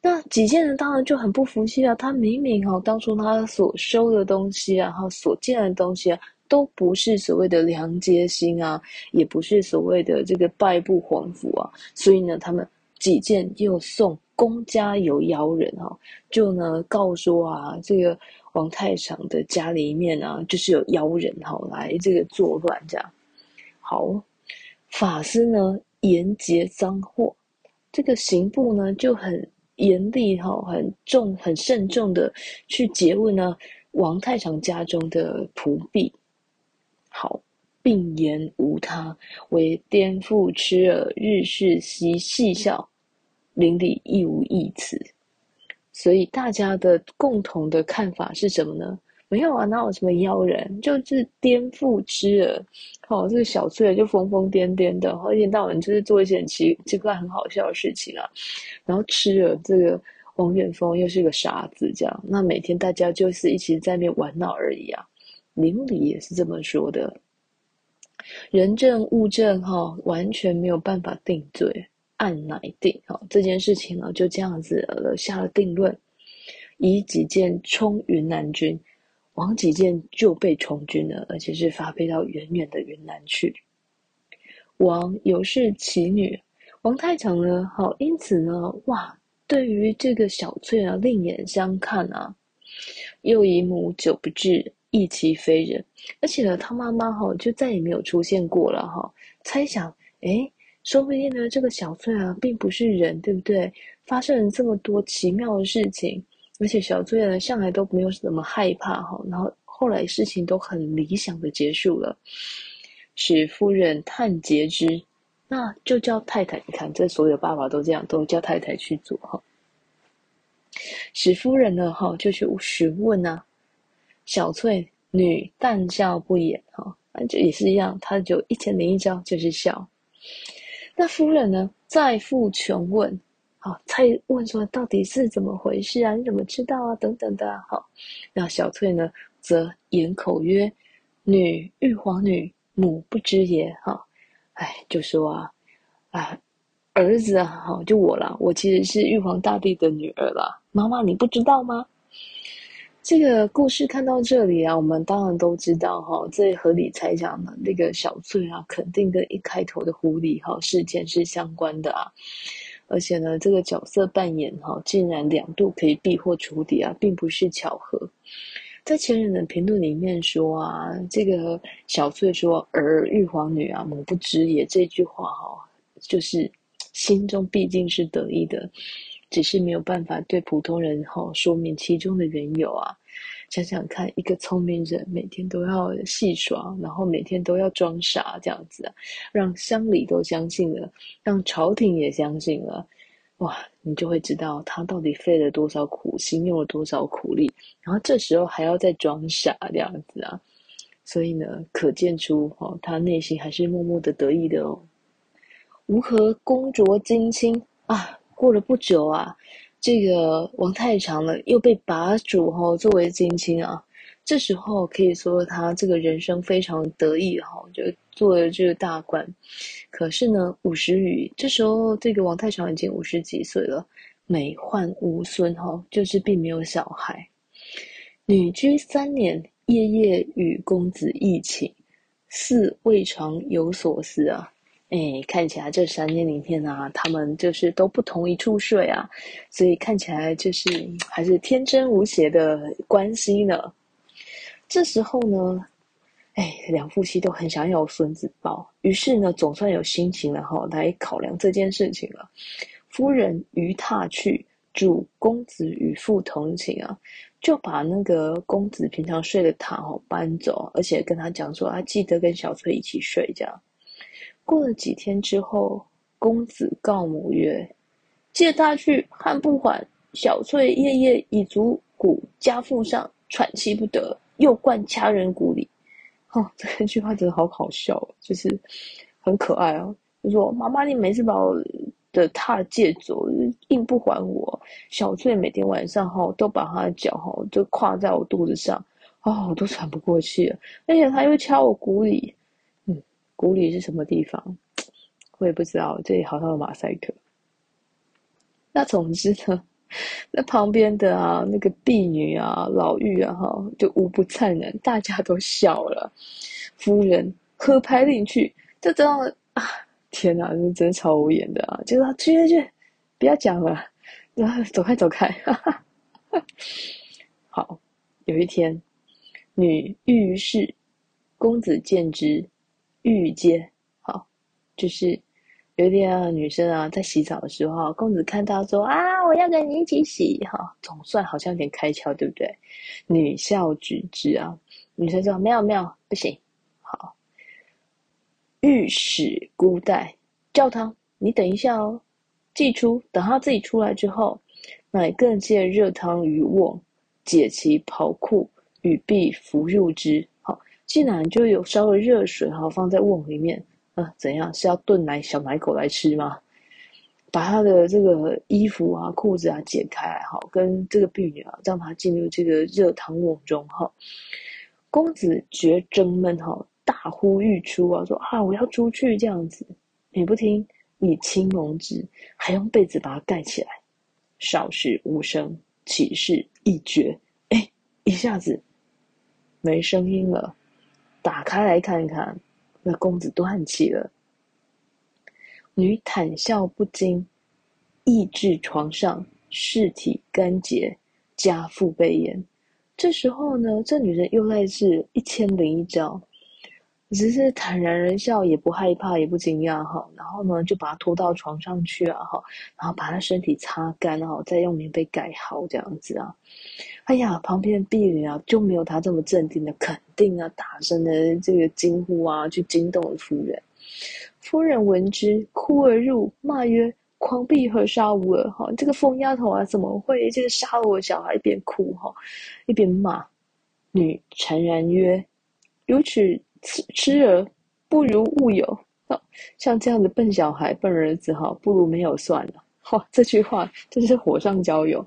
那幾件人當然就很不服氣了、啊。他明明哦當初他所收的東西啊，所見的東西啊，都不是所謂的良階心啊，也不是所謂的這個拜布皇府啊。所以呢，他們幾件又送公家有妖人、啊、就呢，告訴啊，這個王太常的家裡面啊，就是有妖人、啊、來這個作亂這樣。好。法司呢嚴詰臧獲，這個刑部呢就很嚴厲哈，很重、很慎重的去詰問呢王太常家中的僕婢。好，並言無他，唯顛覆之耳。日事，嬉笑，鄰里亦無一詞。所以大家的共同的看法是什麼呢？沒有啊，哪有什麼妖人，就是顛覆之耳。哦，這個小翠就瘋瘋癲癲的，然後一天到晚就是做一些奇奇怪、很好笑的事情啊。然後吃了這個王元豐又是個傻子，這樣。那每天大家就是一起在那邊玩鬧而已啊。鄰里也是這麼說的。人證物證哈、哦，完全沒有辦法定罪，按哪定？好、哦，這件事情呢、啊、就這樣子了，下了定論，以幾件衝雲南軍。王給諫就被充軍了，而且是發配到遠遠的雲南去。王有事其女，王太常呢，好、哦，因此呢，哇，對於這個小翠啊，另眼相看啊。又以母久不至，疑其非人，而且呢，他媽媽哈、哦、就再也沒有出現過了哈、哦。猜想，誒，說不定呢，這個小翠啊，並不是人，對不對？發生了這麼多奇妙的事情。而且小翠呢，向來都沒有什麼害怕哈。然後後來事情都很理想的結束了，史夫人探詰之，那就叫太太。你看，這所有爸爸都這樣，都叫太太去做哈。史夫人呢，哈就去、是、詢問吶、啊，小翠女淡笑不言哈，就也是一樣，她就一千零一招就是笑。那夫人呢，再復窮問。好，他、哦、問說：“到底是怎麼回事啊？你怎麼知道啊？等等的。哦”好，那小翠呢，則言口曰：“女玉皇女母不知也。哦”哈，哎，就說啊，哎、啊，兒子啊，就我啦，我其實是玉皇大帝的女兒啦。媽媽，你不知道嗎？這個故事看到這裡啊，我們當然都知道哈、哦，最合理猜想呢，那個小翠啊，肯定跟一開頭的狐狸哈、哦、事件是相關的啊。而且呢，這個角色扮演哈，竟然兩度可以避禍除敵啊，並不是巧合。在前人的評論裡面說啊，這個小翠說“兒玉皇女啊，母不知也”這句話哈，就是心中畢竟是得意的，只是沒有辦法對普通人哈說明其中的緣由啊。想想看，一個聰明人每天都要戲耍，然後每天都要裝傻，這樣子啊，讓鄉里都相信了，讓朝廷也相信了，哇，你就會知道他到底費了多少苦心，用了多少苦力，然後這時候還要再裝傻這樣子啊，所以呢，可見出哦，他內心還是默默的得意的哦。無何，公擢京卿啊，過了不久啊。這個王太常呢，又被拔擢哈、哦、作為京卿，親啊，這時候可以說他這個人生非常得意哈、哦，就做了這個大官。可是呢，五十餘，這時候這個王太常已經五十幾歲了，每患無孫哈、哦，就是並沒有小孩。女居三年，夜夜與公子異寢，似未嘗有所私啊。哎、欸，看起來這三年裡面啊，他們就是都不同一處睡啊，所以看起來就是還是天真無邪的關係呢。這時候呢，哎、欸，兩夫妻都很想要孫子抱，於是呢，總算有心情然後來考量這件事情了。夫人於榻去，主公子與父同寢啊，就把那個公子平常睡的榻哦搬走，而且跟他講說啊，記得跟小翠一起睡這樣。過了幾天之後，公子告母曰：“借他去，漢不還。小翠夜夜以足股，加腹上喘氣不得，又慣掐人骨裡。哦”哈，這個、句話真的好搞笑，就是很可愛啊。就說媽媽，媽媽你每次把我的榻借走，硬不還我。小翠每天晚上哈，都把他的腳哈，都跨在我肚子上，啊、哦，我都喘不過氣了，而且他又掐我骨裡。狐裡是什麼地方？我也不知道。這裡好像有馬賽克。那總之呢，那旁邊的啊，那個婢女啊，老嫗啊，哈，就無不粲然，大家都笑了。夫人喝拍令去，這樣啊，天哪，這真超無言的啊！就說去去去，不要講了，然後走開走開哈哈。好，有一天，女浴於室，公子見之。浴間好，就是有一天啊，女生啊，在洗澡的時候，公子看到她說啊，我要跟你一起洗哈、哦，總算好像有點開竅，對不對？女孝舉止啊，女生說沒有沒有，不行，好，浴室孤帶叫湯，你等一下哦，寄出，等他自己出來之後，乃更借熱湯於我。解其袍褲，與婢扶入之。竟然就有燒了熱水哈，放在瓮裡面，啊，怎樣是要燉奶，小奶狗來吃嗎？把他的這個衣服啊、褲子啊解開來哈，跟這個婢女啊，讓他進入這個熱湯瓮中哈。公子覺蒸悶哈，大呼欲出啊，說啊，我要出去這樣子，你不聽，你衾蒙之還用被子把它蓋起來，少時無聲，啟視已絕。哎、欸，一下子沒聲音了。打開來看看，那公子斷氣了。女坦笑不驚，抑制床上，視體乾潔，家父悲炎。這時候呢，這女人又來自一千零一招。只是坦然人笑，也不害怕，也不驚訝哈。然後呢，就把他拖到床上去啊哈，然後把他身體擦乾，然後再用棉被蓋好這樣子啊。哎呀，旁邊的婢女啊，就沒有他這麼鎮定的，肯定啊，大聲的這個驚呼啊，去驚動了夫人。夫人聞之，哭而入，罵曰：“狂婢何殺吾兒？”哈，這個瘋丫頭啊，怎麼會這個殺了我小孩，一邊哭哈，一邊罵。女誠然曰：“如此。”痴痴兒不如勿有，哦、像這樣的笨小孩、笨兒子哈，不如沒有算了。這句話真是火上澆油。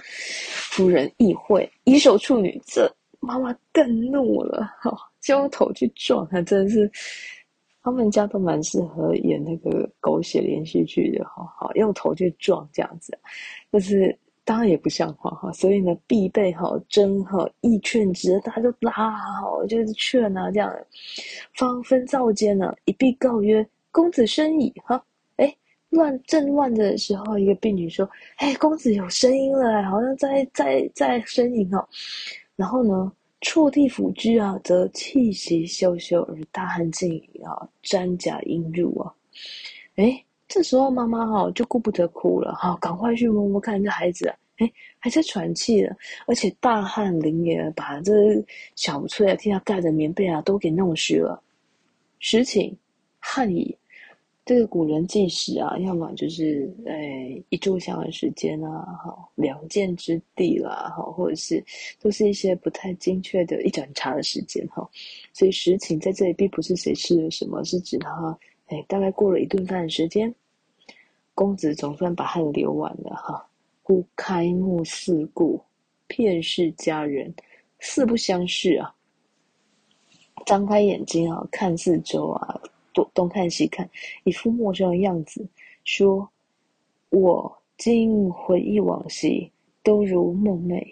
夫人益恚，以首觸女，這媽媽更怒了，好、哦，就用頭去撞，還真的是。他們家都蠻適合演那個狗血連續劇的，哦、好好用頭去撞這樣子，就是。當然也不像話哈，所以呢，必備哈，真哈，義勸之大，他就拉哈，就是勸啊，這樣方分灶間呢，啊，一婢告曰：“公子生矣。”哈，誒亂正亂的時候，一個婢女說：“誒公子有聲音了，欸，好像在在在呻吟哈。”然後呢，輟地撫居啊，則氣息咻咻而大汗盡啊，沾甲陰入啊，哎。這時候媽媽哈、哦、就顧不得哭了哈，趕快去摸摸看這孩子，啊，哎還在喘氣了，而且大汗淋漓，把這小翠，啊，替他蓋的棉被啊都給弄濕了。食頃，汗已，這個古人計時啊，要麼就是誒、哎、一炷香的時間啊，哈兩箭之地啦，啊，或者是都是一些不太精確的一盞茶的時間哈，所以食頃在這裡並不是誰吃了什麼，是指他。哎、欸，大概過了一頓飯的時間，公子總算把汗流完了哈。忽開目四顧，遍視家人，似不相識啊。張開眼睛啊，看四周啊，東東看西看，一副陌生的樣子。說：“我今回憶往昔，都如夢寐，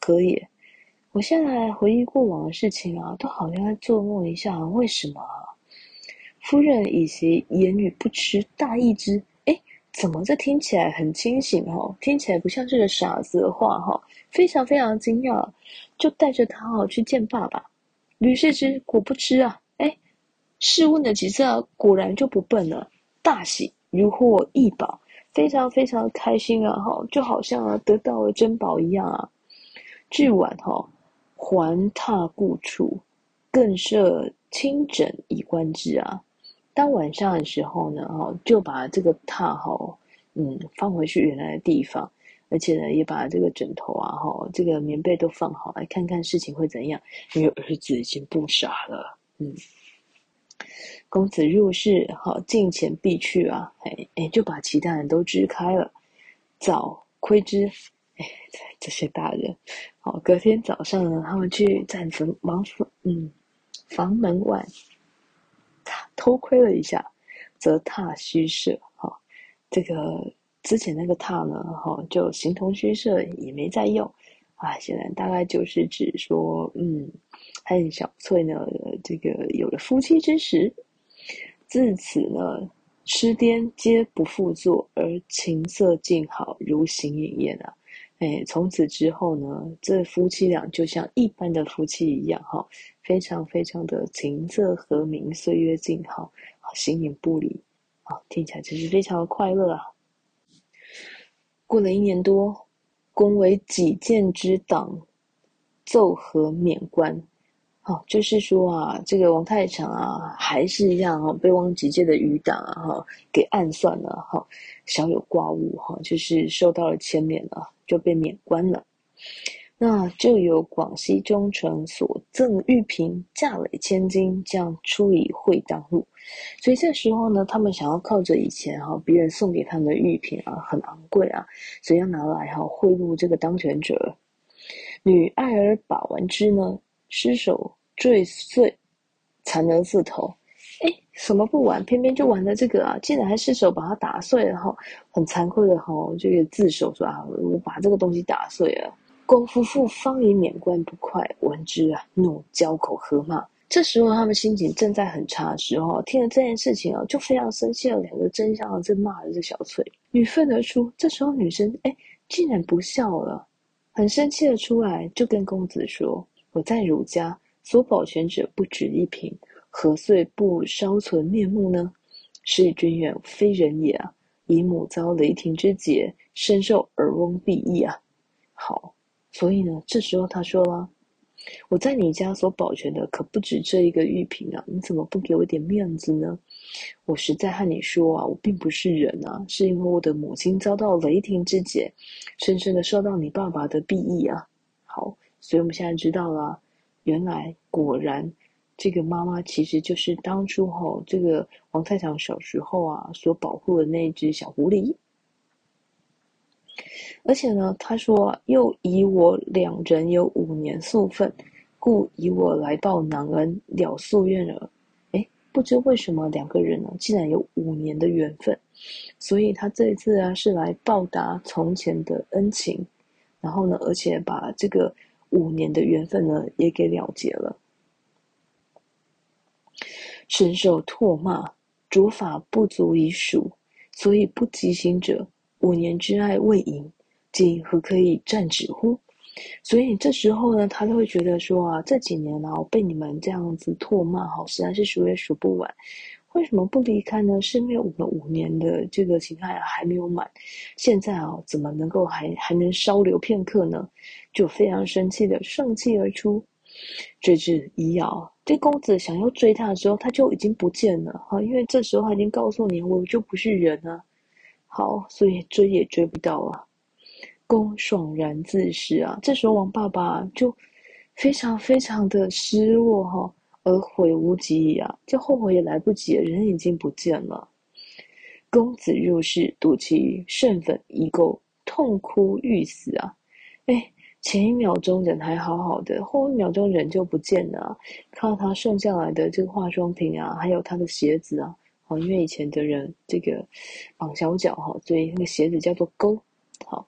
何也？我現在回憶過往的事情啊，都好像在做夢一樣，為什麼？”夫人以其言語不癡，大異之，哎、欸，怎麼這聽起來很清醒哦，聽起來不像是個傻子的話哈、哦，非常非常驚訝，就帶着他、哦、去見爸爸。呂氏之果不知啊，哎、欸，試問了幾次啊，果然就不笨了，大喜如獲異寶，非常非常開心啊哈、哦，就好像啊得到了珍寶一樣啊。至晚哈、哦，還榻故處，更設清枕以觀之啊。到晚上的時候呢，哦、就把這個榻好、哦，嗯，放回去原來的地方，而且呢，也把這個枕頭啊，哈、哦，這個棉被都放好，來看看事情會怎樣。因為兒子已經不傻了，嗯。公子入室，哈、哦，近前必去啊，哎哎，就把其他人都支開了。早窺之，哎，這些大人，好、哦，隔天早上呢，他們去站房房，嗯，房門外。偷窺了一下，則踏虛設哈、哦，這個之前那個踏呢哈、哦，就形同虛設，也沒再用啊。顯然大概就是指說，嗯，還有小翠呢，這個有了夫妻之實，自此呢，痴癲皆不復作，而琴瑟靜好，如形影業呢、啊。哎，從此之後呢，這夫妻倆就像一般的夫妻一樣，哈，非常非常的琴瑟和鳴，歲月靜好，形影不離，好，聽起來真是非常的快樂啊。過了一年多，公為己見之黨，奏劾免官。好，哦，就是說啊，這個王太常啊，還是讓哈，哦，被王吉界的餘黨啊哈，哦，給暗算了，啊，哈，小，哦，有掛誤，啊，哈，就是受到了牽連了，就被免官了。那就有廣西中丞所贈玉瓶，價累千金，將出以賄當路。所以這時候呢，他們想要靠着以前哈，哦，別人送給他們的玉瓶啊，很昂貴啊，所以要拿來哈，哦，賄賂這個當權者。女愛而把玩之呢？失手墜碎，慚而自投。哎、欸，什麼不玩，偏偏就玩了這個啊！竟然還失手把它打碎了，哈，很慚愧的哈，就給自首說啊，我把這個東西打碎了。公夫婦方以免官不快，聞之啊，怒交口呵罵。這時候他們心情正在很差的時候，聽了這件事情啊，就非常生氣了。兩個真相的在罵着這小翠。女奮而出。這時候女生哎、欸，竟然不笑了，很生氣的出來就跟公子說。我在汝家所保全者不止一瓶，何遂不稍存面目呢？是以君遠非人也啊！以母遭雷霆之劫，深受耳翁庇益啊。好，所以呢，這時候他說了：“我在你家所保全的可不止這一個玉瓶啊，你怎麼不給我點面子呢？我實在和你說啊，我並不是人啊，是因為我的母親遭到雷霆之劫，深深的受到你爸爸的裨益啊。好。”所以，我們現在知道了，原來果然，這個媽媽其實就是當初後這個王太常小時候啊所保護的那隻小狐狸。而且呢，他說：“又以我兩人有五年夙分，故以我來報曩恩了夙願了。”哎，不知為什麼兩個人呢竟然有五年的緣分，所以他這一次啊是來報答從前的恩情，然後呢，而且把這個。五年的緣分呢，也給了結了。深受唾罵，主法不足以數，所以不即行者，五年之愛未盈，今何可以暫止乎？所以這時候呢，他就會覺得說啊，這幾年然、啊、後被你們這樣子唾罵好，實在是數也數不完。為什麼不離開呢？是因為我們五年的這個情愛還沒有滿，現在啊、哦，怎麼能夠還還能稍留片刻呢？就非常生氣的盛氣而出，追之已杳。這公子想要追她的時候，她就已經不見了哈，因為這時候她已經告訴你，我就不是人啊。好，所以追也追不到啊。公爽然自失啊。這時候王爸爸就非常非常的失落哈、哦。而悔無及矣！這後悔也來不及，人已經不見了。公子入室，睹其剩粉遺鉤，痛哭欲死啊！哎，前一秒鐘人還好好的，後一秒鐘人就不見了，啊。看到他剩下來的這個化妝品啊，還有他的鞋子啊，好、哦、因為以前的人這個綁小腳哈、哦，所以那個鞋子叫做勾。好，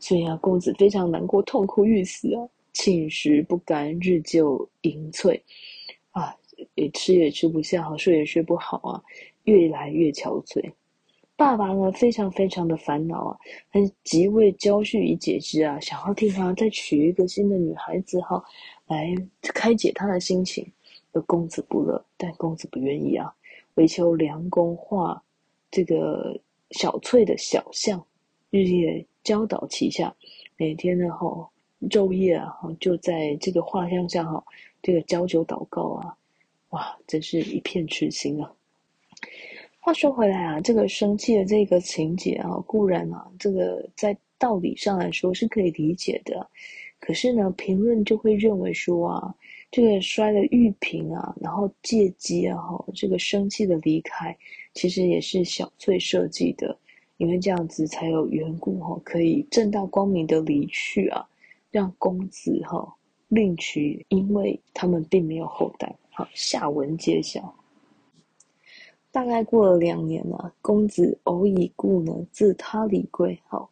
所以啊，公子非常難過，痛哭欲死啊！寢食不甘，日就盈翠。也吃也吃不下，睡也睡不好啊，越來越憔悴。爸爸呢，非常非常的煩惱啊，很急，為膠續，以解之啊，想要替他再娶一個新的女孩子哈，來開解他的心情。公子不樂，但公子不願意啊，惟，求良工畫這個小翠的小像，日夜澆禱，其下，每天呢哈、哦，晝夜啊，就在這個畫像上哈、哦，這個澆酒禱告啊。哇，真是一片痴心啊！話說回來啊，這個生氣的這個情節啊，固然啊，這個在道理上來說是可以理解的，可是呢，評論就會認為說啊，這個摔了玉瓶啊，然後借機啊，這個生氣的離開，其實也是小翠設計的，因為這樣子才有緣故哦，可以正大光明的離去啊，讓公子哈、啊、另娶，因為他們並沒有後代。下文揭曉。大概過了兩年了、啊，公子偶以故呢。自他裡歸好，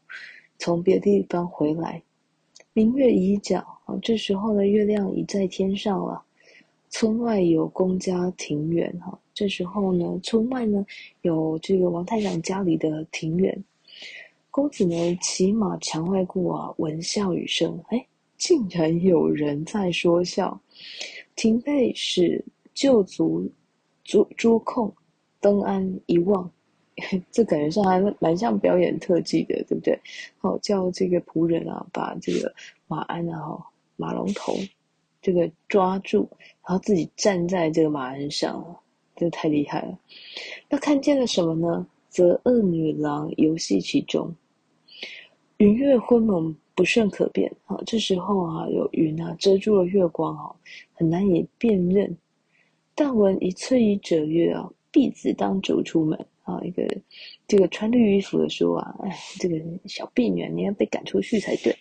從別的地方回來。明月已皎。這時候呢，月亮已在天上了、啊。村外有公家庭園，哈，這時候呢，村外呢有這個王太長家裡的庭園。公子呢，騎馬牆外過啊，聞笑語聲，哎，竟然有人在說笑。停轡使救足，捉捉控，登鞍、一望， 這感覺上還蠻像表演特技的，對不對？好、哦，叫這個僕人啊，把這個馬鞍啊，馬龍頭，這個抓住，然後自己站在這個馬鞍上，哦、這太厲害了。那看見了什麼呢？則二女郎遊戲其中，雲月昏蒙。不甚可辨。好、哦，這時候啊，有雲啊遮住了月光，哈、哦，很難以辨認。但聞一翠衣者曰：“啊、哦，婢子當走出門。哦”啊，一個這個穿綠衣服的說啊，哎，這個小婢女，你要被趕出去才對。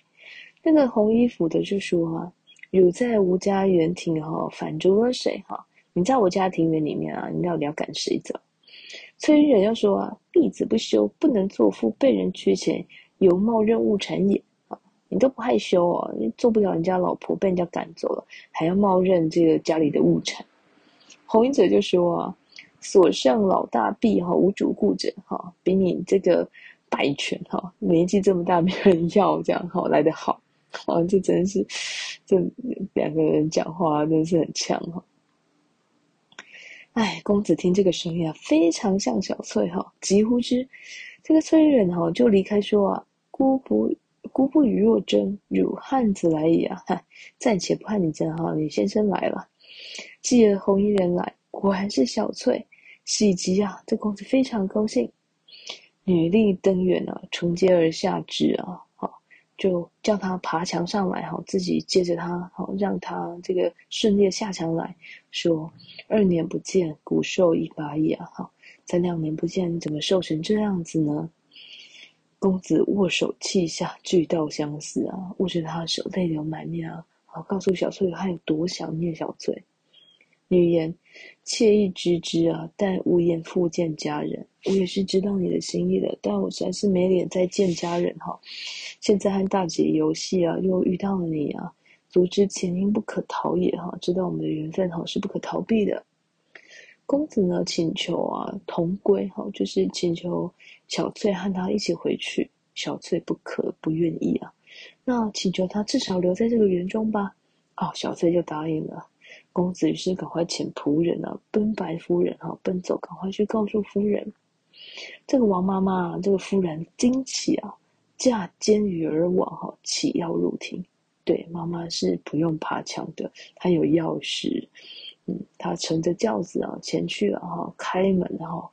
那個紅衣服的就說啊：“汝在吾家園亭，哈，反逐了誰？哈、哦，你在我家庭園裡面啊，你到底要趕誰走？”翠衣人要說啊：“婢子不休，不能作婦，被人驅遣，猶冒認物產也。”你都不害羞哦！你做不了人家老婆，被人家趕走了，還要冒認這個家裡的物產。紅衣者就說：“啊，所剩老大必哈無主顧者哈，比你這個敗犬哈，年紀這麼大沒有人要，這樣哈來得好啊！這真是，這兩個人講話真是很強哈！哎，公子聽這個聲音啊，非常像小翠哈，急呼之，這個翠人哈就離開說啊，孤不。”姑不與若爭，汝漢子來矣啊！暫且不和你爭哈，李先生來了。繼而紅衣人來，果然是小翠，喜極啊！這公子非常高興，女力登遠啊，重接而下之啊，好、哦，就叫他爬牆上來好、哦、自己接着他好、哦，讓他這個順利下牆來。說二年不見，骨瘦一把矣啊！好、哦，才兩年不見，怎麼瘦成這樣子呢？公子握手泣下，俱道相思啊！握着他的手，淚流滿面啊！好，告訴小翠，他有多想念小翠。女言，妾意知之啊，但無顏復見家人。我也是知道你的心意的，但我實在是沒臉再見家人哈。現在和大姐遊戲啊，又遇到了你啊，足知前因不可逃也哈。知道我們的緣分哈，是不可逃避的。公子呢，請求啊同歸，就是請求小翠和他一起回去。小翠不可，不願意啊，那請求他至少留在這個園中吧。哦，小翠就答應了。公子於是趕快請僕人啊奔白夫人啊，奔走，趕快去告訴夫人。這個王媽媽，這個夫人驚奇啊，駕肩輿而往哈，啟鑰入庭。對，媽媽是不用爬牆的，她有鑰匙。嗯，他乘着轎子啊，前去了、啊、哈，開門哈、啊，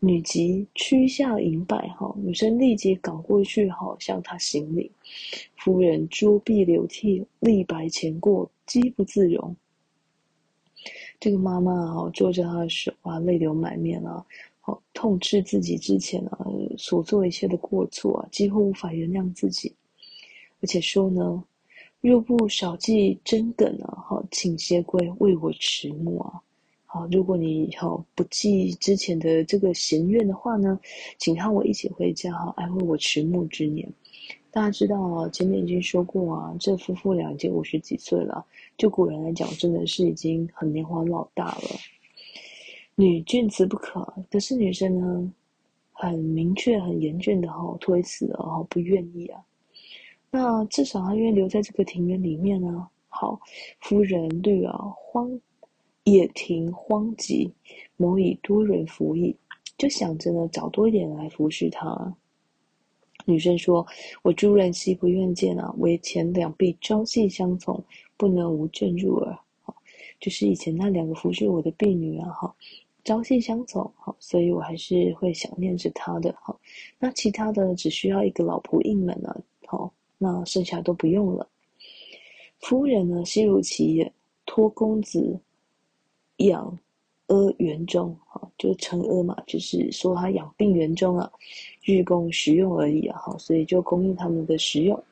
女吉趨下迎拜哈、啊，女生立即趕過去哈、啊，向他行禮。夫人捉臂流涕，力白前過，幾不自容。這個媽媽啊，握着他的手啊，淚流滿面啊好、啊、痛斥自己之前啊所做一切的過錯啊，幾乎無法原諒自己，而且說呢。若不少記真梗啊，好請偕歸為我遲暮啊，好，如果你以後不記之前的這個嫌怨的話呢，請和我一起回家，好，安慰我遲暮之年。大家知道啊，前面已經說過啊，這夫婦兩已經五十幾歲了，就古人來講，真的是已經很年華老大了。女峻辭不可，可是女生呢，很明確、很嚴峻的好推辭啊，哈，不願意啊。那至少他願意留在這個庭院裡面呢、啊。好，夫人對啊，荒野庭荒寂，謀以多人服役，就想着呢找多一點來服侍他。女生說：“我諸人悉不願見啊，為前兩婢朝夕相從，不能無證入耳。”就是以前那兩個服侍我的婢女啊，好，朝夕相從，好，所以我還是會想念着她的。好，那其他的只需要一個老僕應門啊，好。那剩下都不用了。夫人呢，悉如其言託，公子養阿園中，哈，就承阿嘛，就是說他養病園中啊，日供食用而已啊，哈，所以就供應他們的食用。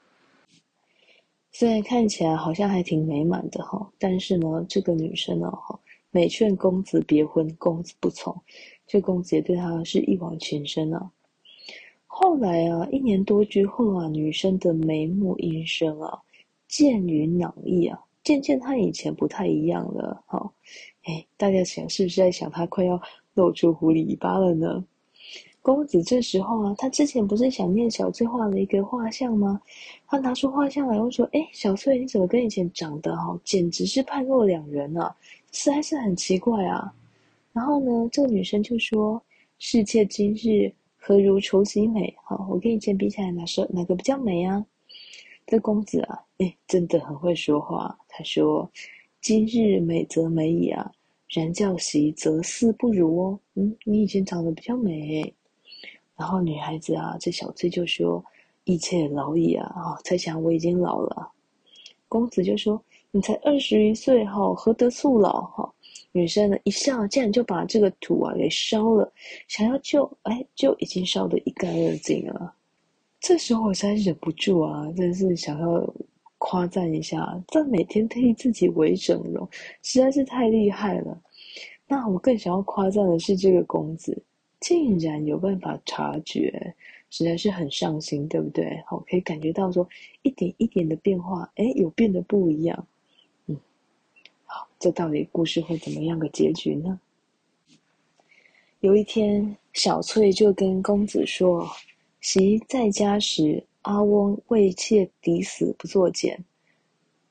雖然看起來好像還挺美滿的哈、啊，但是呢，這個女生呢、啊，哈，每勸公子別婚，公子不從，這公子也對她是一往情深啊。後來啊，一年多之後啊，女生的眉目音聲啊，漸與曩異啊，漸漸她以前不太一樣了。好，哦，大家想是不是在想她快要露出狐狸尾巴了呢？公子這時候啊，他之前不是想念小翠畫了一個畫像嗎？他拿出畫像來，我說：“哎，小翠，你怎麼跟以前長得好，簡直是判若兩人啊！」實在是很奇怪啊。”然後呢，這個女生就說：“視妾今日。”何如疇昔美？好，我跟以前比起來哪，哪說哪個比較美啊？這公子啊，哎，真的很會說話。他說：“今日美則美矣啊，然較昔則似不如哦。”嗯，你以前長得比較美。然後女孩子啊，這小翠就說：“一切老矣啊！”哦，猜想我已經老了。公子就說：“你才二十餘歲，哈，何得速老？哈？”女生呢，一下竟然就把這個土啊給燒了，想要救，哎，就已經燒得一乾二淨了。這時候我才忍不住啊，真是想要誇讚一下，這每天替自己微整容，實在是太厲害了。那我更想要誇讚的是這個公子，竟然有辦法察覺，實在是很上心，對不對？好，可以感覺到說一點一點的變化，哎，有變得不一樣。這到底故事會怎麼樣個結局呢？有一天，小翠就跟公子說：“媳在家時，阿翁為妾抵死不作繭，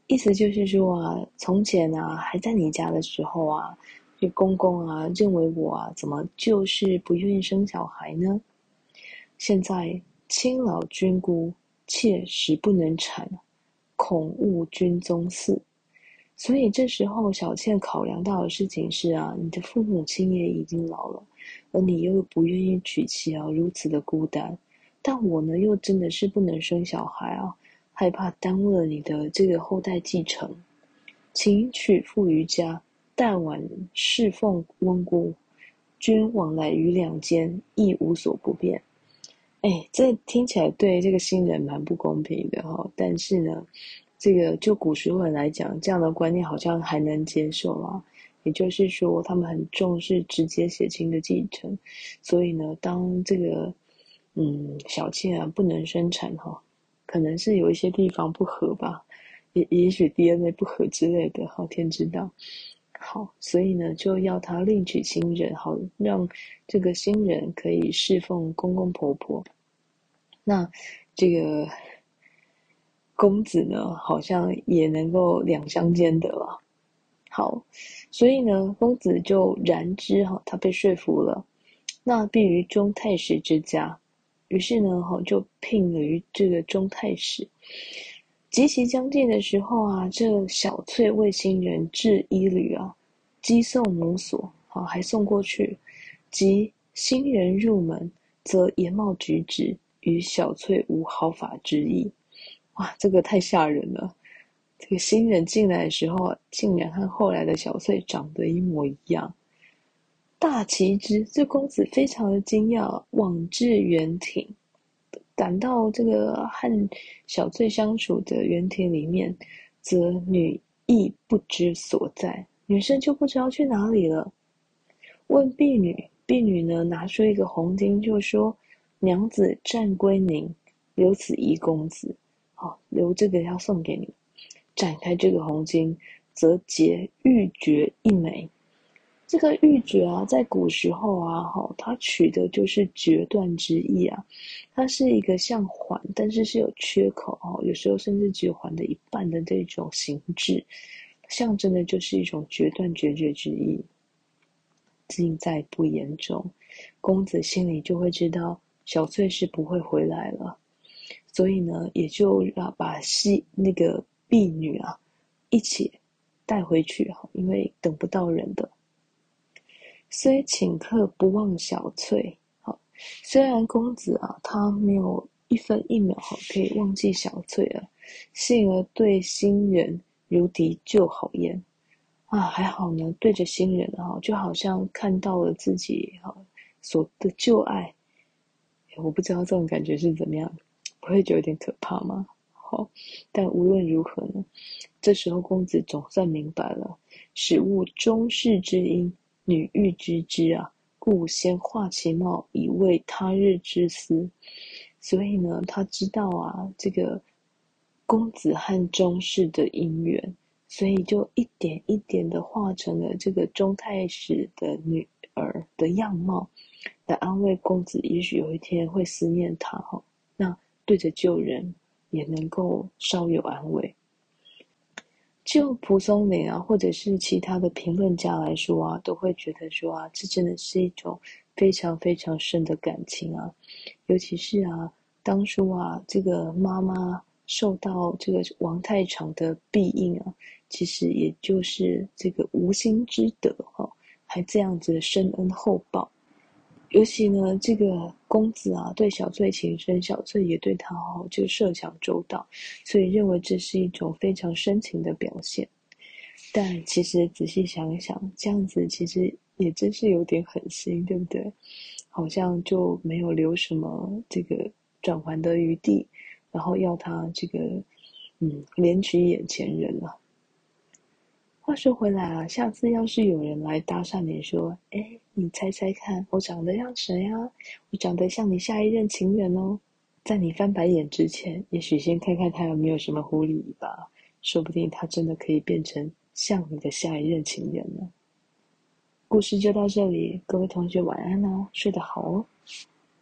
意思就是說啊，從前啊還在你家的時候啊，你公公啊認為我啊怎麼就是不願意生小孩呢？現在親老君姑，妾實不能產，恐誤君宗嗣所以這時候，小翠考量到的事情是啊，你的父母親也已經老了，而你又不願意娶妻啊，如此的孤單。但我呢，又真的是不能生小孩啊，害怕耽誤了你的這個後代繼承。請娶婦於家，但晚侍奉翁姑。君往來於兩間，亦無所不便。誒、哎、這聽起來對這個新人蠻不公平的哈、哦，但是呢。這個就古時候來講，這樣的觀念好像還能接受啦、啊。也就是說，他們很重視直接血親的繼承，所以呢，當這個嗯小妾啊不能生產哈、哦，可能是有一些地方不合吧，也也許 DNA 不合之類的，哈、哦、天知道。好，所以呢就要他另娶新人，好讓這個新人可以侍奉公公婆婆。那這個。公子呢，好像也能夠兩相兼得了。好，所以呢，公子就然之哈、啊，他被說服了。那必於中太史之家，於是呢，哈、啊、就聘於這個中太史。及其將近的時候啊，這小翠為新人置衣履啊，即送母所、啊，還送過去。及新人入門，則言貌舉止，止與小翠無毫髮之意。哇，這個太嚇人了！這個新人進來的時候，竟然和後來的小翠長得一模一樣。大奇之，這公子非常的驚訝。往至園庭，趕到這個和小翠相處的園庭裡面，則女亦不知所在，女生就不知道去哪裡了。問婢女，婢女呢，拿出一個紅巾，就說：“娘子暫歸寧，留此貽公子。”留這個要送給你。展開這個紅巾，則結玉珏一枚。這個玉珏啊，在古時候啊，哈，它取的就是決斷之意啊。它是一個像環，但是是有缺口，有時候甚至只有環的一半的這種形制，象徵的就是一種決斷決絕之意。盡在不言中，公子心裡就會知道，小翠是不會回來了。所以呢，也就要把西那個婢女啊一起帶回去哈，因為等不到人的。雖請客不忘小翠，好，雖然公子啊他沒有一分一秒好可以忘記小翠了，幸而對新人如敵舊好焉啊，還好呢，對着新人啊，就好像看到了自己好所的舊愛，我不知道這種感覺是怎麼樣。不會就有點可怕嗎？好、哦，但無論如何呢，這時候公子總算明白了，始悟鍾氏之姻，女欲知之，之啊，故先化其貌以慰他日之思。所以呢，他知道啊，這個公子和鍾氏的姻緣，所以就一點一點的化成了這個鍾太史的女兒的樣貌，來安慰公子，也許有一天會思念他、哦對着舊人也能夠稍有安慰。就蒲松齡啊，或者是其他的評論家來說啊，都會覺得說啊，這真的是一種非常非常深的感情啊。尤其是啊，當初啊，這個媽媽受到這個王太常的庇蔭啊，其實也就是這個無心之德哈、啊，還這樣子的深恩厚報。尤其呢，這個公子啊，對小翠情深，小翠也對他好，就設想周到，所以認為這是一種非常深情的表現。但其實仔細想一想，這樣子其實也真是有點狠心，對不對？好像就沒有留什麼這個轉圜的餘地，然後要他這個嗯，憐取眼前人了。話說回來啊，下次要是有人來搭訕你說，誒你猜猜看，我長得像誰呀？啊？我長得像你下一任情人哦。在你翻白眼之前，也許先看看他有沒有什麼狐狸尾巴。說不定他真的可以變成像你的下一任情人呢。故事就到這裡，各位同學晚安哦，睡得好哦。